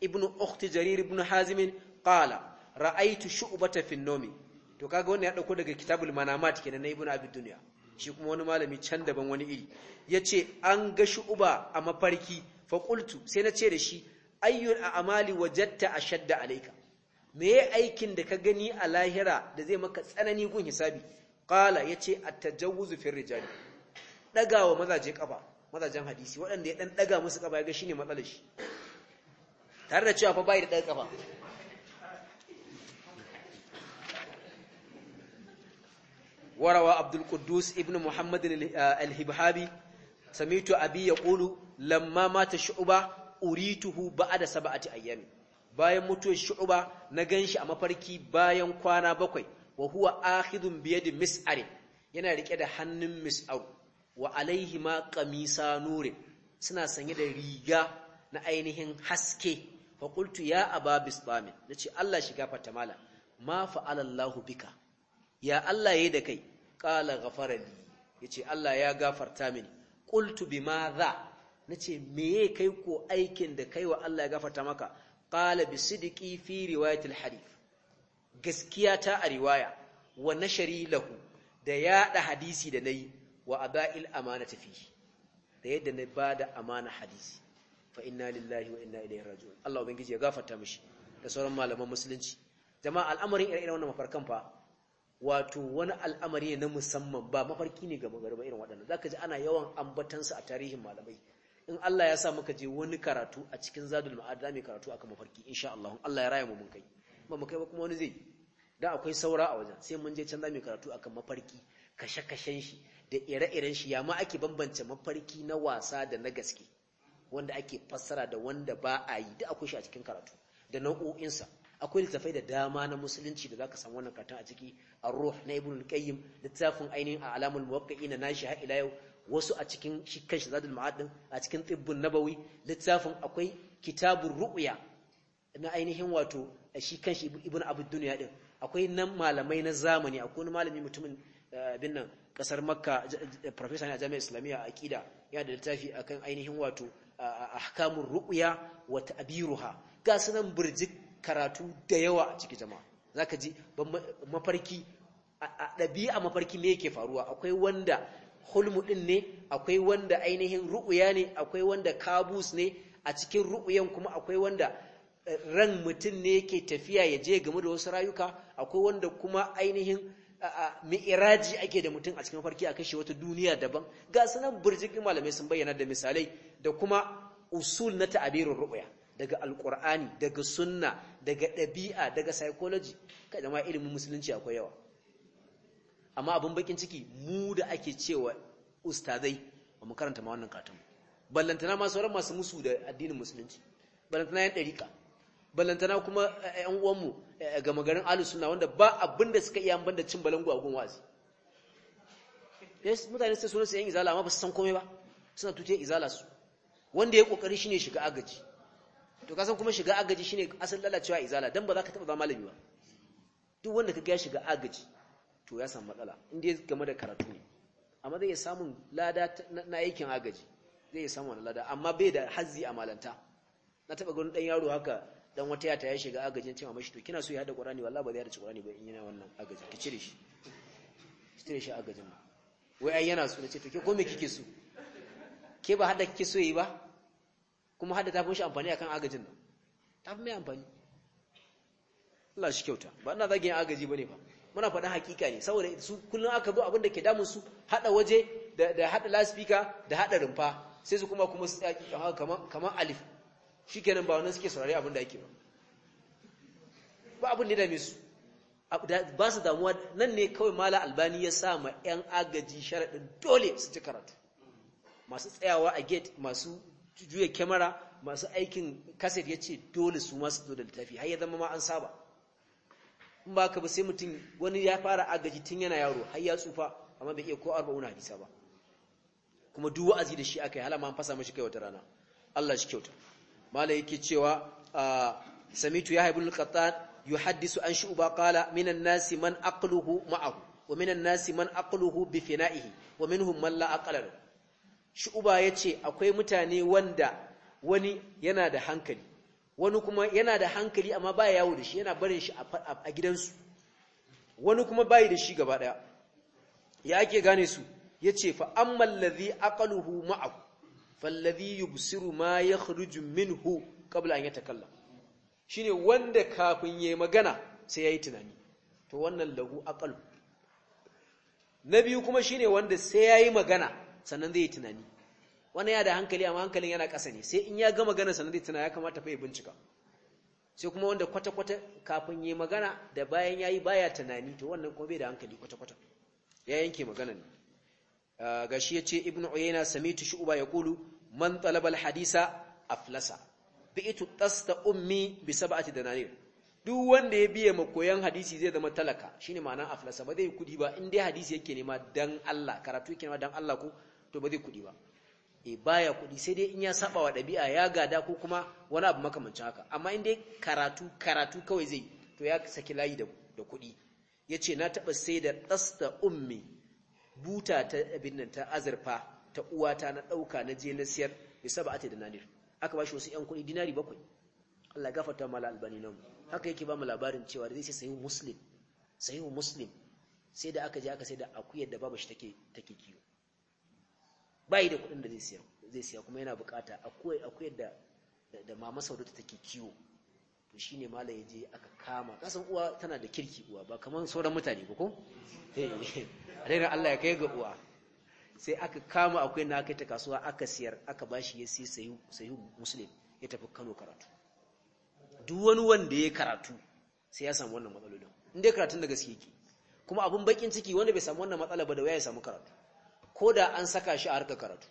[SPEAKER 1] ibnu ukhti jarir ibnu hazim qala ra'aitu shu'bata fi an-nawm to kaga wannan ya dauko daga kitabul manamat kenan na ibnu abi dunya shi kuma wani malami can daban wani iri yace an ga shu'ba a mafarki fa qultu sai na ce da shi ayyul a'mali wajadta ashadda alayka me aikin da ka gani a lahira da zai maka tsanani gun hisabi qala yace at-tajawuzu fi ar-rijal dagawa mazaje kafa mazajen hadisi waɗanda ya dan daga musu kafa ya ga shine matsalar shi har da cewa fa bai da ɗan kafa وروى ibn muhammad ابن محمد الهبهابي سمعت أبي يقول lamma mata شعبة urituhu بعد سبعة أيام bayan mutuwar shu'uba na ganshi a mafarki bayan kwana bakwai wa huwa akhidun bi yadi mis'arin yana rike da hannun mis'aru wa alaihi ma qamisa nurin suna sanye da riga na ainihin haske fa qultu ya aba bisbamin nace Allah shi gafarta mala ma fa'ala Allahu bika ya Allah yi da kai qala ghafara Ya yace Allah ya gafarta mini qultu bima za nace meye kai ko aikin da kai wa Allah ya gafarta maka qala bisidqi fi riwayatul harif. gaskiya ta a riwaya wa nashari lahu da yaɗa hadisi da na yi wa aba'il amana tafi. da yadda na bada amana hadisi fa inna lillahi wa inna ilaihi raji'un Allah ubangiji ya gafarta mashi. da sauran malaman musulunci jama'a al'amarin irin wannan mafarkan fa wato wani al'amari ne na musamman ba mafarki ne ga magarba irin waɗannan zaka ji ana yawan ambatansu a tarihin malamai in Allah ya sa muka je wani karatu a cikin zadul ma'ad mai karatu akan mafarki insha Allah Allah ya raya mu mun kai ba mu kai ba kuma wani zai da akwai saura a wajen sai mun je can zamu karatu akan mafarki kashe-kashen shi da ire-iren shi ya ma ake bambance mafarki na wasa da na gaske wanda ake fassara da wanda ba a yi duk akwai shi a cikin karatu da nau'o'insa akwai littafai da dama na musulunci da zaka samu wannan karatun a ciki A ruh na ibn al-qayyim littafin ainihin a'lamul na nashi ha ila yau wasu a cikin shi kanshi zadul ma'ad a cikin tibbun nabawi littafin akwai kitabur ru'ya na ainihin wato shi kanshi ibn abud dunya din akwai nan malamai na zamani akwai malami mutumin eh, binnan kasar makka professor ne a jami'ar islamiyya aqida yana da littafi akan ainihin wato ahkamun ru'ya wa ta'biruha ga sunan birji karatu da yawa a cikin jama'a zaka ji mafarki a mafarki me yake faruwa akwai wanda hulmu din ne akwai wanda ainihin ru'ya ne akwai wanda kabus ne a cikin ru'yan kuma akwai wanda eh, ran mutum ne ke tafiya ya je game da wasu rayuka akwai wanda kuma ainihin mi'iraji ake da mutum a cikin farki a kashe wata duniya daban ga sunan burjikin malamai sun bayyana da misalai da kuma usul na ta'abirin ru'ya daga alqur'ani daga sunna daga ɗabi'a daga psychology da ma ilimin musulunci akwai yawa amma abin bakin ciki mu da ake cewa ustazai ba mu karanta ma wannan katon ballantana ma sauran masu musu da addinin musulunci ballantana yan ɗariƙa ballantana kuma yan eh, uwanmu eh, ga magarin alu suna wanda ba abin da suka iya da cin balangu a gun wazi mutane sai sunan su yan izala amma ba su san komai ba suna tutiyar izala su wanda ya kokari shine shiga agaji to kasan kuma shiga agaji shine asalin lalacewa izala dan ba za ka taba zama malami ba duk wanda kaga ya shiga agaji to ya samu matsala inda ya game da karatu ne amma zai samun lada na aikin agaji zai samu wani lada amma bai da hazzi a malanta na taba ganin dan yaro haka dan wata yata ya shiga agajin cewa mashi to kina so ya hada qur'ani wallahi ba zai hada qur'ani ba in yana wannan agaji ki cire shi ki cire shi agajin wai ai yana so ce to ke ko me kike so ke ba hada kike so yi ba kuma hada ta fi shi amfani akan agajin nan ta fi mai amfani Allah shi kyauta ba ina yin agaji bane ba muna faɗin hakika ne saboda su kullum aka zo abin da ke damun su hada waje da hada laspika da hada rumfa sai su kuma kuma su tsaki kamar alif shikenan ba wannan suke saurari abin da ake ba ba abin da dame su ba su damuwa nan ne kawai mala albani ya sa ma yan agaji sharaɗin dole su ci karatu masu tsayawa a gate masu juya kyamara masu aikin kaset ya ce dole su masu zo da littafi har ya zama ma an saba in ba ka ba sai mutum wani ya fara agaji tun yana yaro har ya tsufa amma bai iya ko arba'una hadisa ba kuma duk wa'azi da shi aka yi halama an fasa mashi kai wata rana Allah shi kyauta malai yake cewa ah, samitu ya haibul qattan yuhaddisu an shu'ba qala minan nasi man aqluhu ma'ahu wa minan nasi man aqluhu bi fina'ihi wa minhum man la shu'uba ya ce akwai mutane wanda wani yana da hankali wani kuma yana da hankali amma ba ya yawo da shi yana barin shi a gidansu wani kuma bayi da shi gaba ɗaya ya ake gane su ya ce fa'amman lazi aqaluhu ma'ahu fallazi busiru ma ya hu. Kabla an yi Shi ne wanda kafin ya yi magana sai ya yi tunani to wannan lagu aqalu na biyu kuma ne wanda sai ya yi magana sannan zai yi tunani wannan ya da hankali amma hankalin yana ƙasa ne sai in ya ga magana sannan zai tunani ya kamata fa ya bincika sai kuma wanda kwata-kwata kafin yi magana da bayan ya yi baya tunani to wannan kuma bai da hankali kwata-kwata ya yanke magana ne ah, ga shi ya ce ibn uyayna samitu shu'ba Kulu, man talaba hadisa aflasa bi'tu tasta ummi bi sab'ati dananir duk wanda ya biye koyon hadisi zai zama talaka shine ma'anar aflasa ba zai yi kudi ba in dai hadisi yake nema dan Allah karatu yake nema dan Allah ko to ba zai kuɗi ba e eh, baya kuɗi sai dai in ya saba wa ɗabi'a ya gada ko kuma wani abu makamancin haka amma in dai karatu karatu kawai zai to ya saki layi da, kuɗi ya ce na taɓa sai da ɗasta ummi buta ta abin nan ta azurfa ta uwata na ɗauka na je na siyar ya saba a da nadir aka ba shi wasu ‘yan kuɗi dinari bakwai Allah gafarta mala albani nan haka yake ba mu labarin cewa da zai sai sayi muslim sai da aka je aka sai da akuyar da babu shi take take kiwo yi da kuɗin da zai siya kuma yana bukata akwai akwai da da mama saudata take kiwo to shine malam yaje aka kama kasan uwa tana da kirki uwa ba kaman sauran mutane ba ko eh Allah ya kai ga uwa sai aka kama akwai na kai ta kasuwa aka siyar aka bashi ya sai sayu sayu ya tafi Kano karatu duk wani wanda ya karatu sai ya samu wannan matsalolin in dai karatun da gaske kuma abun bakin ciki wanda bai samu wannan matsala ba da waya ya samu karatu ko da an saka shi a harkar karatu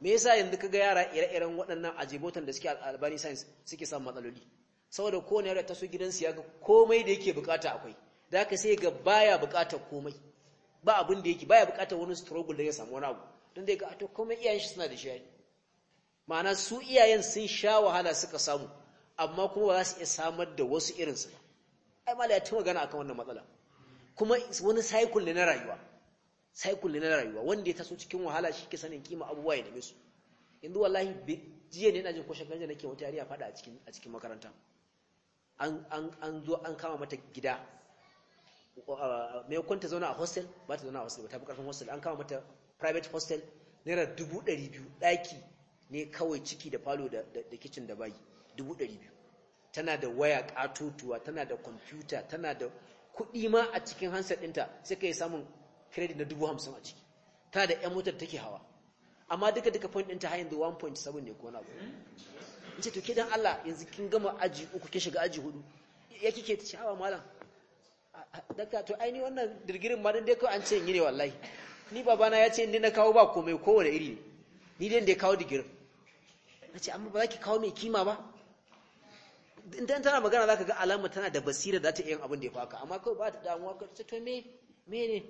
[SPEAKER 1] me yasa yanzu kaga yara ire-iren waɗannan ajibotan da suke albani science suke samun matsaloli saboda kowane yara ta so su ya ga komai da yake bukata akwai da haka sai ga baya bukatar komai ba abin da yake baya bukatar wani struggle da ya samu wani abu don da ya ga to komai iyayen shi suna da shi ma'ana su iyayen sun sha wahala suka samu amma kuma ba za su iya samar da wasu irinsu ba ai mala ya ta magana akan wannan matsala kuma wani cycle ne na rayuwa cycle na rayuwa wanda ya taso cikin wahala shi ke sanin kima abubuwa ya dame su yanzu wallahi jiya ne ina jin kwashe ganja nake wata yariya fada a cikin a cikin makaranta an zo an kama mata gida mai kwanta zauna a hostel ba ta zauna a hostel ba ta fi karfin hostel an kama mata private hostel naira dubu ɗari biyu ɗaki ne kawai ciki da falo da kicin da bayi dubu ɗari biyu tana da waya ƙatotuwa tana da kwamfuta tana da kuɗi ma a cikin hansar ɗinta sai ka yi samun kredit na dubu hamsin a ciki tana da yan motar take hawa amma duka duka point ɗinta har da 1.7 ne ko na abu in ce to ke Allah yanzu kin gama aji uku kin shiga aji hudu ya kike ta sha'awa malam daga to aini wannan dirgirin ma dan dai kawai an ce yi ne wallahi ni babana ya ce ni na kawo ba komai kowane iri ni dai da ya kawo digirin na ce amma ba za ki kawo mai kima ba idan tana magana za ka ga alama tana da basira za ta iya yin abin da ya faka amma kawai ba ta damuwa ka ce to me ne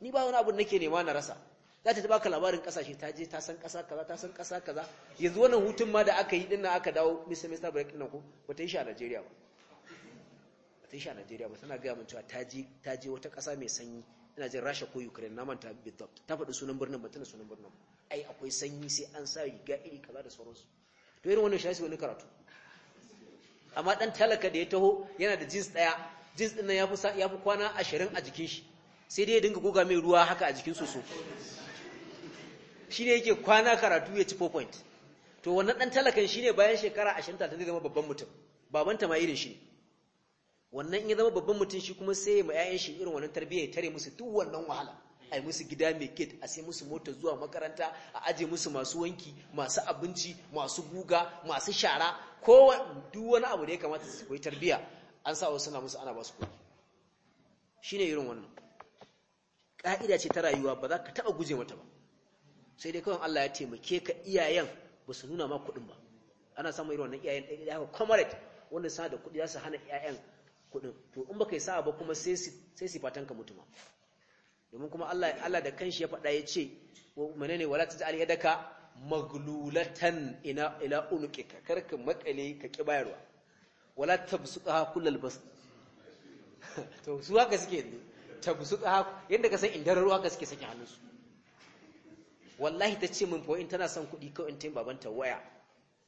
[SPEAKER 1] ni ba wani abu nake nema na rasa za ta baka labarin kasashe ta je ta san kasa kaza ta san kasa kaza yanzu wannan hutun ma da aka yi dinnan aka dawo Mr. Mr. Break nan ko bata yi shi a Najeriya ba bata yi shi a Najeriya ba tana ga mun cewa ta je ta je wata kasa mai sanyi ina jin Russia ko Ukraine na manta bidabt ta faɗi sunan birnin ba tana sunan birnin ai akwai sanyi sai an sa riga iri kaza da sauransu to irin wannan shi wani karatu amma dan talaka da ya taho yana da jeans daya jeans din nan yafi yafi kwana 20 a jikin shi sai dai ya dinga goga mai ruwa haka a jikin soso shi ne yake kwana karatu ya ci 4 point to wannan ɗan talakan shi ne bayan shekara ashirin talatin zai zama babban mutum babanta ma irin shi wannan in ya zama babban mutum shi kuma sai ma 'ya'yan shi irin wannan tarbiyya ya tare musu duk wannan wahala a yi musu gida mai gate a sai musu mota zuwa makaranta a aje musu masu wanki masu abinci masu guga masu shara ko duk wani abu da ya kamata su koyi tarbiyya an sa wasu na musu ana ba su kuɗi shine irin wannan ka'ida ce ta rayuwa ba za ka taba guje mata ba sai dai kawai Allah ya taimake ka iyayen ba su nuna ma kuɗin ba ana samun irin wannan iyayen ɗaya haka comrade wanda sa da kuɗi za su hana iyayen kuɗin to in ba yi sa'a ba kuma sai su fatan ka mutuma domin kuma Allah Allah da kanshi ya faɗa ya ce menene wala taj'al yadaka maglulatan ina ila ka karka makale ka ƙi bayarwa wala tabsuqaha kullal bas to su haka suke ne tabsu haku yadda ka san indarar ruwa ka suke sakin hannunsu wallahi ta ce min fa in tana son kuɗi kawai in ta babanta waya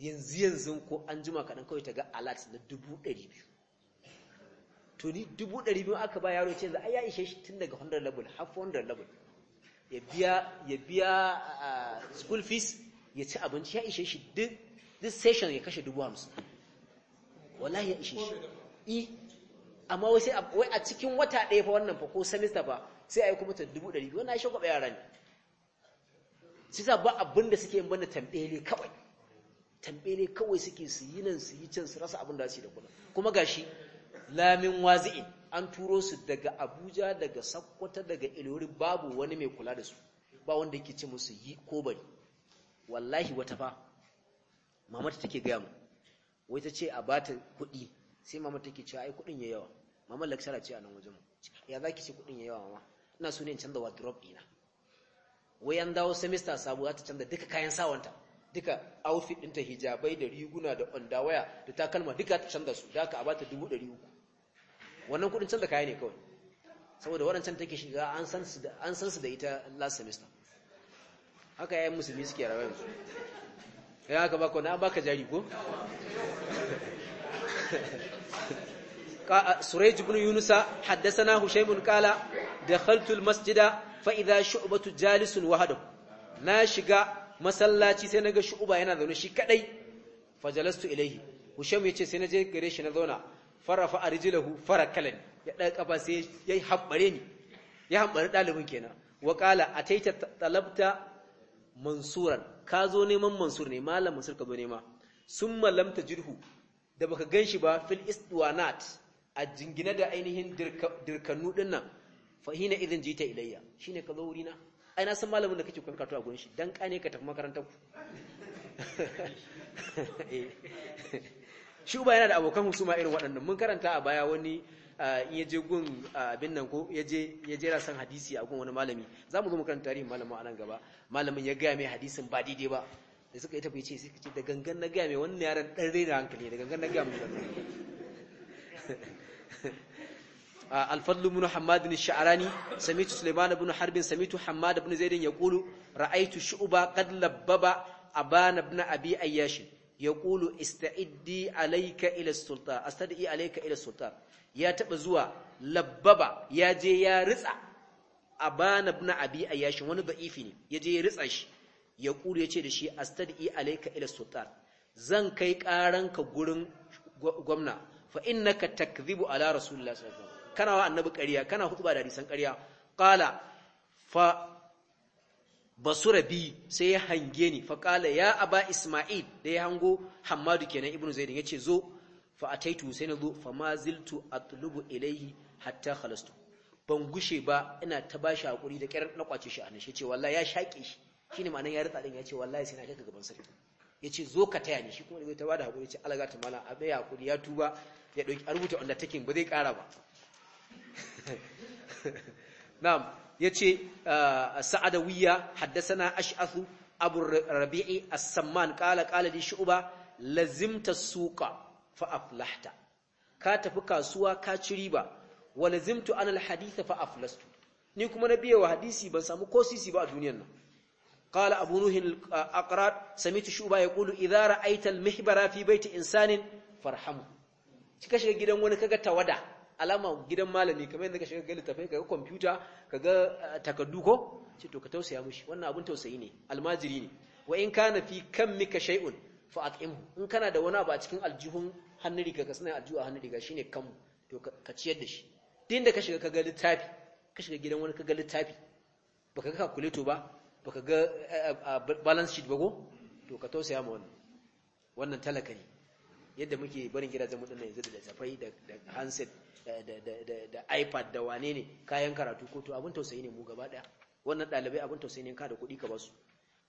[SPEAKER 1] yanzu yanzu ko an jima kaɗan kawai ta ga alat na dubu ɗari biyu to ni dubu ɗari biyu aka ba yaro ce yanzu ai ya ishe shi tun daga 100 level half 100 level ya biya ya biya ah, school fees ya ci abinci ya ishe shi duk duk session ya kashe dubu hamsin wallahi ya ishe shi amma wai wai a cikin wata ɗaya fa wannan fa ko semester ba sai ayi kuma ta dubu ɗari wannan ya shagwaba yara ne shi sa ba abin da suke yin bana tambele kawai tambele kawai suke su yi nan su yi can su rasa abin da su yi da kuɗin kuma gashi lamin wazi'in an turo su daga abuja daga sakkwata daga ilori babu wani mai kula da su ba wanda yake ce musu yi ko bari wallahi wata fa mamata take gaya mu wai ta ce a bata kuɗi sai mamata take cewa ai kuɗin ya yawa mamallaka lakshara ce a nan wajen ya za ki ce kuɗin ya yawa mama ina so ne in canza wardrobe ɗina wayan dawo semester sabo za ta canza duka kayan sawanta duka outfit ɗinta hijabai da riguna da ondawaya da takalma duka ta canza su da aka a bata dubu ɗari uku wannan kuɗin canza kaya ne kawai saboda waɗancan take shiga an san su da ita last semester haka yi musulmi suke rawa yanzu ya haka baka wani baka jari ko سريج بن يونس Hushaimun Kala da Haltul Masjida, فإذا شعبة Jalisun وحده na shiga masallaci sai naga shu'uba yana zaune shi kadai fajalastu ilaihi husham ce sai naje gare shi na zauna farafa arjilahu farakalan ya daga kafa sai yayi habbare ni ya habbare dalibin kenan wa qala ataita talabta mansuran ka zo neman mansur ne malam mansur ka zo nema Sun mallamta tajidhu da baka ganshi ba fil istwanat a jingine da ainihin dirkannu din nan fa hina idin jita ilayya shine ka zo wurina ai na san malamin da kake koyon karatu a gurin shi dan kane ka tafi makarantar ku eh. shi uba yana da abokan husuma irin waɗannan mun karanta a baya wani eh, in ya je gun eh, abin nan ko ya je ya jera san hadisi a gun wani malami za mu zo mu karanta tarihin malamin a nan gaba malamin ya gaya mai hadisin ba daidai ba da suka yi tafi ce suka ce da gangan na gaya mai wannan yaran ɗan rena hankali da gangan na gaya mai الفضل بن حماد بن الشعراني سميت سليمان بن حرب سميت حماد بن زيد يقول رأيت شعبة قد لبب أبان بن أبي أياش يقول استعدي عليك إلى السلطان استدعي عليك إلى السلطان يا تبزوا لبب يا جي يا رزع أبان بن أبي أياش وانا ضعيفني يا جي رزعش يقول يا جي رشي استدعي عليك إلى السلطان zan kai ƙaranka gurin gwamna fa innaka takdhibu ala rasulillah sallallahu alaihi wasallam kana wa annabi ƙarya kana hutuba da risan ƙarya qala fa basura bi sai ya hange ni fa qala ya aba isma'il da ya hango hammadu kenan ibnu zaid yace zo fa ataitu sai na zo fa ma ziltu atlubu ilayhi hatta khalastu ban gushe ba ina ta bashi hakuri da kyar na kwace shi a nan yace wallahi ya shaƙe shi shine ma'anar ya rutsa din yace wallahi sai na kai gaban sarki yace zo ka taya ni shi kuma zai ta bada hakuri ce alaga ta mala abai hakuri ya tuba ya ɗauki a rubuta undertaking ba zai ƙara ba na'am ya ce ah, sa'adawiyya haddasa ash'athu abu rabi'i as asamman kala kala da shu'ba lazimta suka fa ka tafi kasuwa ka ci riba wa lazimtu ana al fa ni kuma na biyewa hadisi ban samu ko sisi ba a duniyan nan قال أبو نوح الأقراد سمعت شعبة يقول إذا رأيت المحبر في بيت إنسان فارحمه kika shiga gidan wani kaga tawada alama gidan malami kamar yadda ka shiga ga littafai kaga kwamfuta kaga eh, takardu ko ce to ka tausaya mushi wannan abun tausayi ne almajiri ne wa in kana fi mika shay'un fa at'imhu in kana da wani abu a cikin aljihun hannun riga ka sanar aljihu a hannun riga shine kam to ka ciyar da shi din da ka shiga kaga littafi ka shiga gidan wani kaga littafi baka ga calculator ba baka ga eh, eh, balance sheet ba ko to ka tausaya ma wannan wannan talaka ne yadda muke barin gidajen mutane yanzu da tafai da handset da ipad da wane ne kayan karatu ko to abin tausayi ne mu gaba daya wannan dalibai abin tausayi ne ka da kuɗi ka basu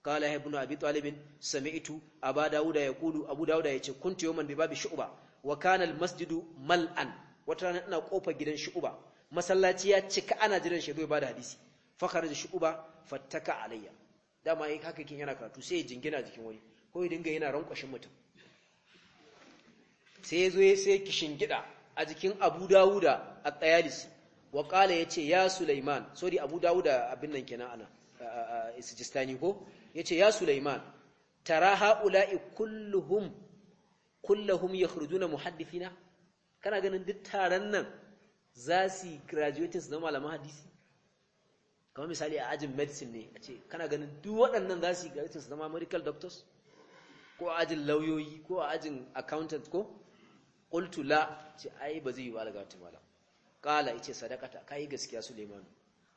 [SPEAKER 1] قال ابن ابي طالب سمعت ابا داود يقول ya داود yace kuntu yawman bi babi shu'ba wa kana al masjidu mal'an wata rana ina kofar gidan shu'ba masallaci ya cika ana jiran shi ba da hadisi fa kharaja shu'ba fattaka alayya dama yake haka yana karatu sai ya jingina jikin wani ko ya dinga yana rankwashin mutum sai zo ya sai kishin gida a jikin abu dawuda a tsayalisi wa kala ya ce ya sulaiman sorry abu dawuda abin nan kenan ana isijistani ko ya ce ya sulaiman tara ha'ula'i kulluhum kulluhum ya hurduna muhaddifina kana ganin duk taron nan za su yi graduating su zama malaman hadisi kamar misali a ajin medicine ne a ce kana ganin duk waɗannan za su yi graduating su zama medical doctors ko ajin lauyoyi ko a ajin accountant ko qultu la ce ai ba zai yi ba daga mala kala yace sadaqata kai gaskiya Suleiman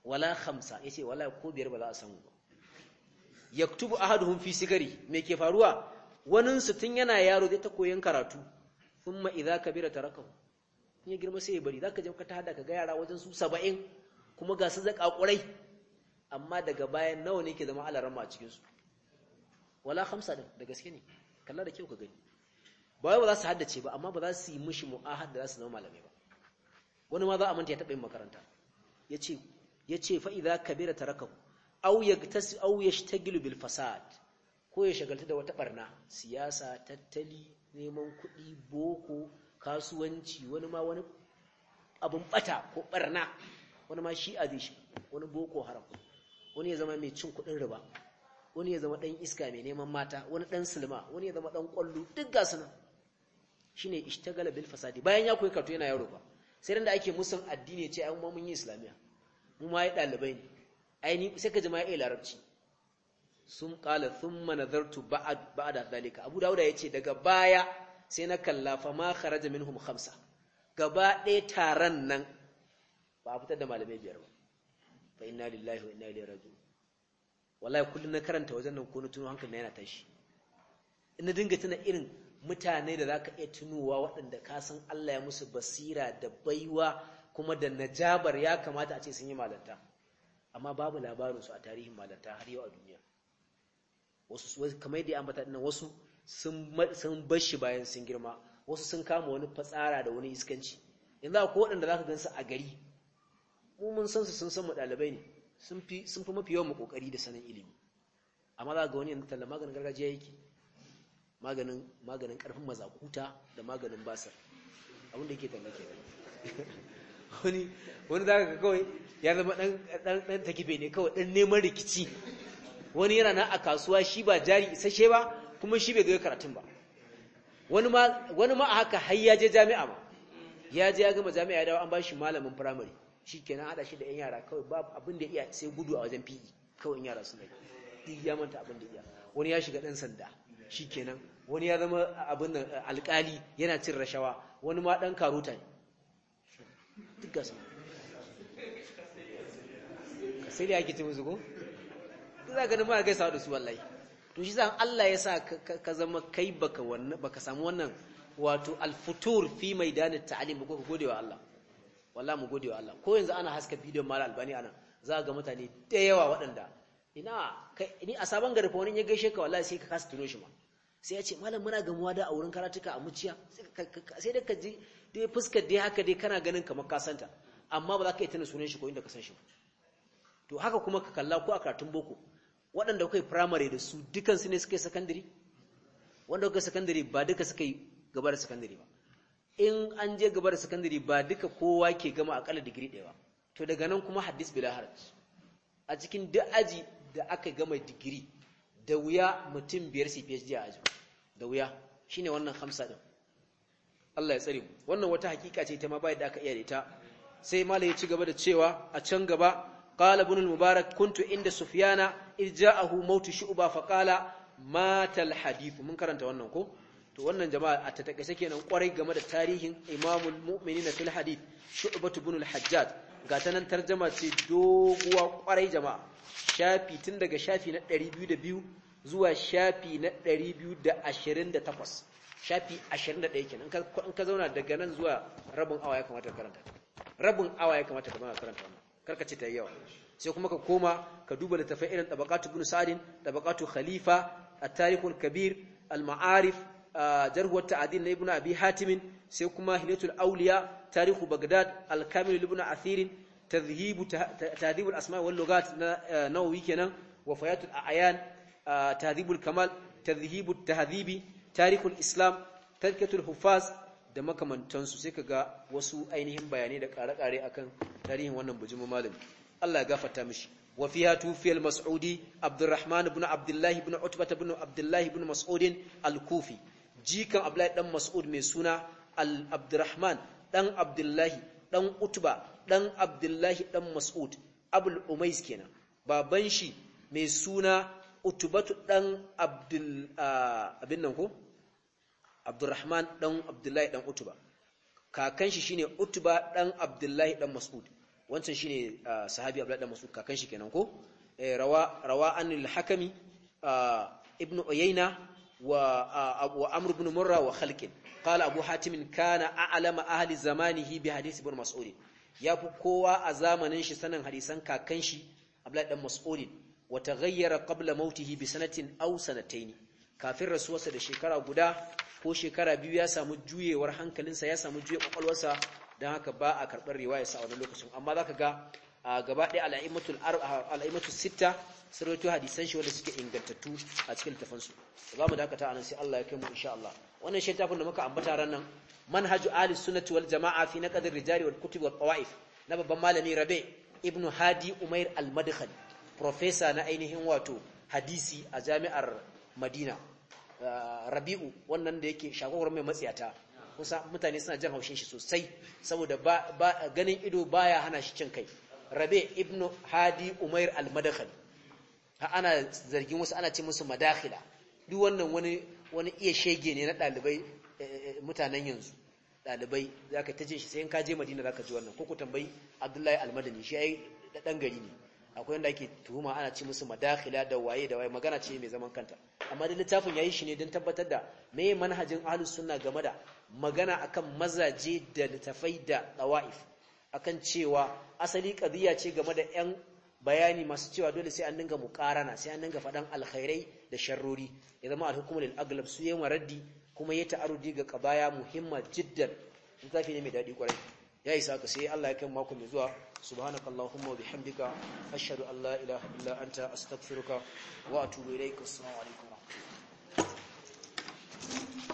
[SPEAKER 1] wala khamsa yace wala ko biyar ba za a samu ba yaktubu ahaduhum fi sigari me ke faruwa wanin su tun yana yaro zai ta koyon karatu thumma idza kabira tarakahu in ya girma sai ya bari zaka je ka ta hada ka ga yara wajen su 70 kuma ga su zaka kurai amma daga bayan nawa ne ke zama alarama a cikin su wala khamsa da gaske ne kalla da kyau ka gani ba wai ba za su haddace ba amma ba za su yi mishi mu'ahad da za su zama malamai ba wani ma za a manta ya taɓa yin makaranta Ya ce yace ce fa idza kabira tarakahu aw yagtasi aw yashtagilu bil fasad ko ya shagalta da wata barna siyasa tattali neman kuɗi boko kasuwanci wani ma wani abun bata ko barna wani ma shi a shi wani boko haram wani ya zama mai cin kuɗin riba wani ya zama ɗan iska mai neman mata wani ɗan silma wani ya zama ɗan ƙwallo duk ga shine ishtagala bil fasadi bayan ya koyi karatu yana yaro ba sai ran da ake musun addini ce ai mun yi islamiya mu ma yi dalibai ne ai ni sai ka ji ma ya larabci sun qala thumma nadartu ba'd ba'da zalika abu dauda yace daga baya sai na kalla fa ma kharaja minhum khamsa gaba ɗaya taron nan ba a fitar da malamai biyar ba fa inna lillahi wa inna ilaihi raji'un wallahi kullun na karanta wajen nan ko na tuno hankali na yana tashi ina dinga tuna irin mutane da zaka iya tunowa waɗanda ka san Allah ya musu basira da baiwa kuma da najabar ya kamata a ce sun yi malanta amma babu labarinsu a tarihin malanta har yau a duniya wasu kamar yadda ya ambata dinnan wasu sun bashi bayan sun girma wasu sun kama wani fatsara da wani iskanci yanzu akwai waɗanda za ka gansu a gari mu mun san su sun san mu ɗalibai ne sun fi mafi yawan mu ƙoƙari da sanin ilimi amma za ga wani yanzu tallan maganin gargajiya yake maganin maganin karfin mazakuta da maganin basar abin da yake ke wani wani zaka ga kawai ya zama dan dan dan takife ne kawai dan neman rikici wani yana nan a kasuwa shi ba jari isasshe ba kuma shi bai ga karatun ba wani ma wani ma a haka har ya je jami'a ba ya je ya gama jami'a ya dawo an ba shi malamin primary shikenan hada shi da yan yara kawai ba abin da iya sai gudu a wajen PE kawai yan yara suna duk ya manta abin da iya wani ya shiga dan sanda shikenan wani ya zama abin nan alƙali yana cin rashawa wani ma ɗan karuta ne duk gasa ka sai da ake musu ko duk za ka nima gaisa da su wallahi to shi zan Allah ya sa ka zama kai baka wannan baka samu wannan wato alfutur fi maidan ta'alim ba ko gode wa Allah wallahi mu gode wa Allah ko yanzu ana haska bidiyon mallan albani ana za ga mutane da yawa waɗanda ina ni a sabon garfa wani ya gaishe ka wallahi sai ka kasa tuno shi ma sai ya ce malam muna gamuwa da a wurin karatuka a muciya sai dai ka ji dai fuskar dai haka dai kana ganin kamar ka santa amma ba za ka yi tana sunan shi ko inda ka san shi to haka kuma ka kalla ko a karatun boko waɗanda kai firamare da su dukansu ne suka yi sakandare wanda kuka sakandare ba duka suka yi gaba da sakandare ba in an je gaba da sakandare ba duka kowa ke gama akalla digiri ɗaya ba to daga nan kuma hadis bilaharaj. a cikin duk aji da aka gama digiri da wuya mutum biyar su jiya a aji da wuya ne wannan hamsa ɗin Allah ya tsari wannan wata hakika ce ta ma bayan da aka iya a ita sai mala ya ci gaba da cewa a can gaba ƙala bunul mubarak kuntu inda Sufiyana, a hu mautu shu'ba uba faƙala matal hadifu mun karanta wannan ko to wannan jama'a a ta take kenan kwarai game da tarihin imamul mumini fil hadif, shu'batu uba tubunul hajjaj ga ta nan tarjama ce doguwa kwarai jama'a shafi tun daga shafi na 202 zuwa shafi na 228 shafi 21 kenan in ka zauna daga nan zuwa rabin awa ya kamata ka karanta rabin awa ya kamata ka karanta wannan karka ce ta yawa sai kuma ka koma ka duba da littafai irin tabaqatu ibn sa'din tabaqatu khalifa at-tarikh al-kabir al-ma'arif ah, jarh wa ta'dil ibn abi hatim sai kuma hilatul awliya tarikh baghdad al-kamil ibn athirin. tadhhibu tadhibul asma wal lugat na nawawi kenan wa fayatul a'yan tadhibul kamal tadhhibut tahdhibi tarikul islam tadhkatul Hufas da makamantansu sai kaga wasu ainihin bayanai da kare-kare akan tarihin wannan bujumin malami Allah ya gafarta mishi wa fiha tufiyal mas'udi abdurrahman ibn abdullah ibn utbah ibn Abdullahi, ibn mas'ud al-kufi jikan abdullahi dan mas'ud mai suna al-abdurrahman dan abdullahi dan utba ɗan abdullahi ɗan mas'ud abul umais kenan baban shi mai suna utubatu ɗan abdul abin nan ko abdurrahman ɗan abdullahi ɗan utuba kakan shi shine utuba ɗan abdullahi ɗan mas'ud wancan shine sahabi abdullahi ɗan mas'ud kakan shi kenan ko eh, rawa rawa anil hakami ibn uyayna wa wa amr ibn murra wa khalqin qala abu hatim kana a'lama ahli zamanihi bi hadith ibn mas'ud ya fi kowa a zamanin shi sanin hadisan kakan shi Abdullahi dan Mas'udin wa taghayyara kabla mautihi bi sanatin aw sanataini kafin rasuwarsa da shekara guda ko shekara biyu ya samu juyewar hankalinsa ya samu juya kwakwalwarsa don haka ba a karɓar riwaya sa a wani lokacin amma za ka ga a gaba ɗaya al'aimatul sitta sun hadisan shi wanda suke ingantattu a cikin tafansu za mu dakata a sai Allah ya kai mu insha wannan shi tafin da muka ambata ran nan manhaju ahli sunnati wal jama'a fi na ar-rijali wal kutub wal qawaif na babban malami rabe ibnu hadi umair al-madkhali professor na ainihin wato hadisi a jami'ar madina ah, rabi'u wannan da yake shagogar mai matsiyata kusa mutane suna jan haushin shi sosai saboda ganin ido baya hana shi cin kai rabe ibnu hadi umair al-madkhali ana zargin wasu ana ce musu madakhila duk wannan wani wani iya shege ne na ɗalibai eh, eh, mutanen yanzu ɗalibai za ka tace shi sai in ka je madina za ka ji wannan ko ku tambayi abdullahi almadani shi yi ɗan gari ne akwai wanda ake tuhuma ana ci musu madakhila da waye da waye magana ce mai zaman kanta amma da littafin yi shi ne don tabbatar da me manhajin ahlus sunna game da magana akan mazaje da littafai da ɗawa'if akan cewa asali qadiya ce game da yan bayani masu cewa dole sai an dinga muƙarana sai an dinga faɗan alkhairai da sharrori ya zama al al-aglab su yayin maraddi kuma ya ta'arudi ga kabaya muhimma jiddan zafi ne mai dadi kwarai ya isa ka sai Allah ya kai mako mai zuwa subhanakallahumma wa bihamdika ashhadu an la ilaha illa anta astaghfiruka wa atubu ilaik assalamu alaikum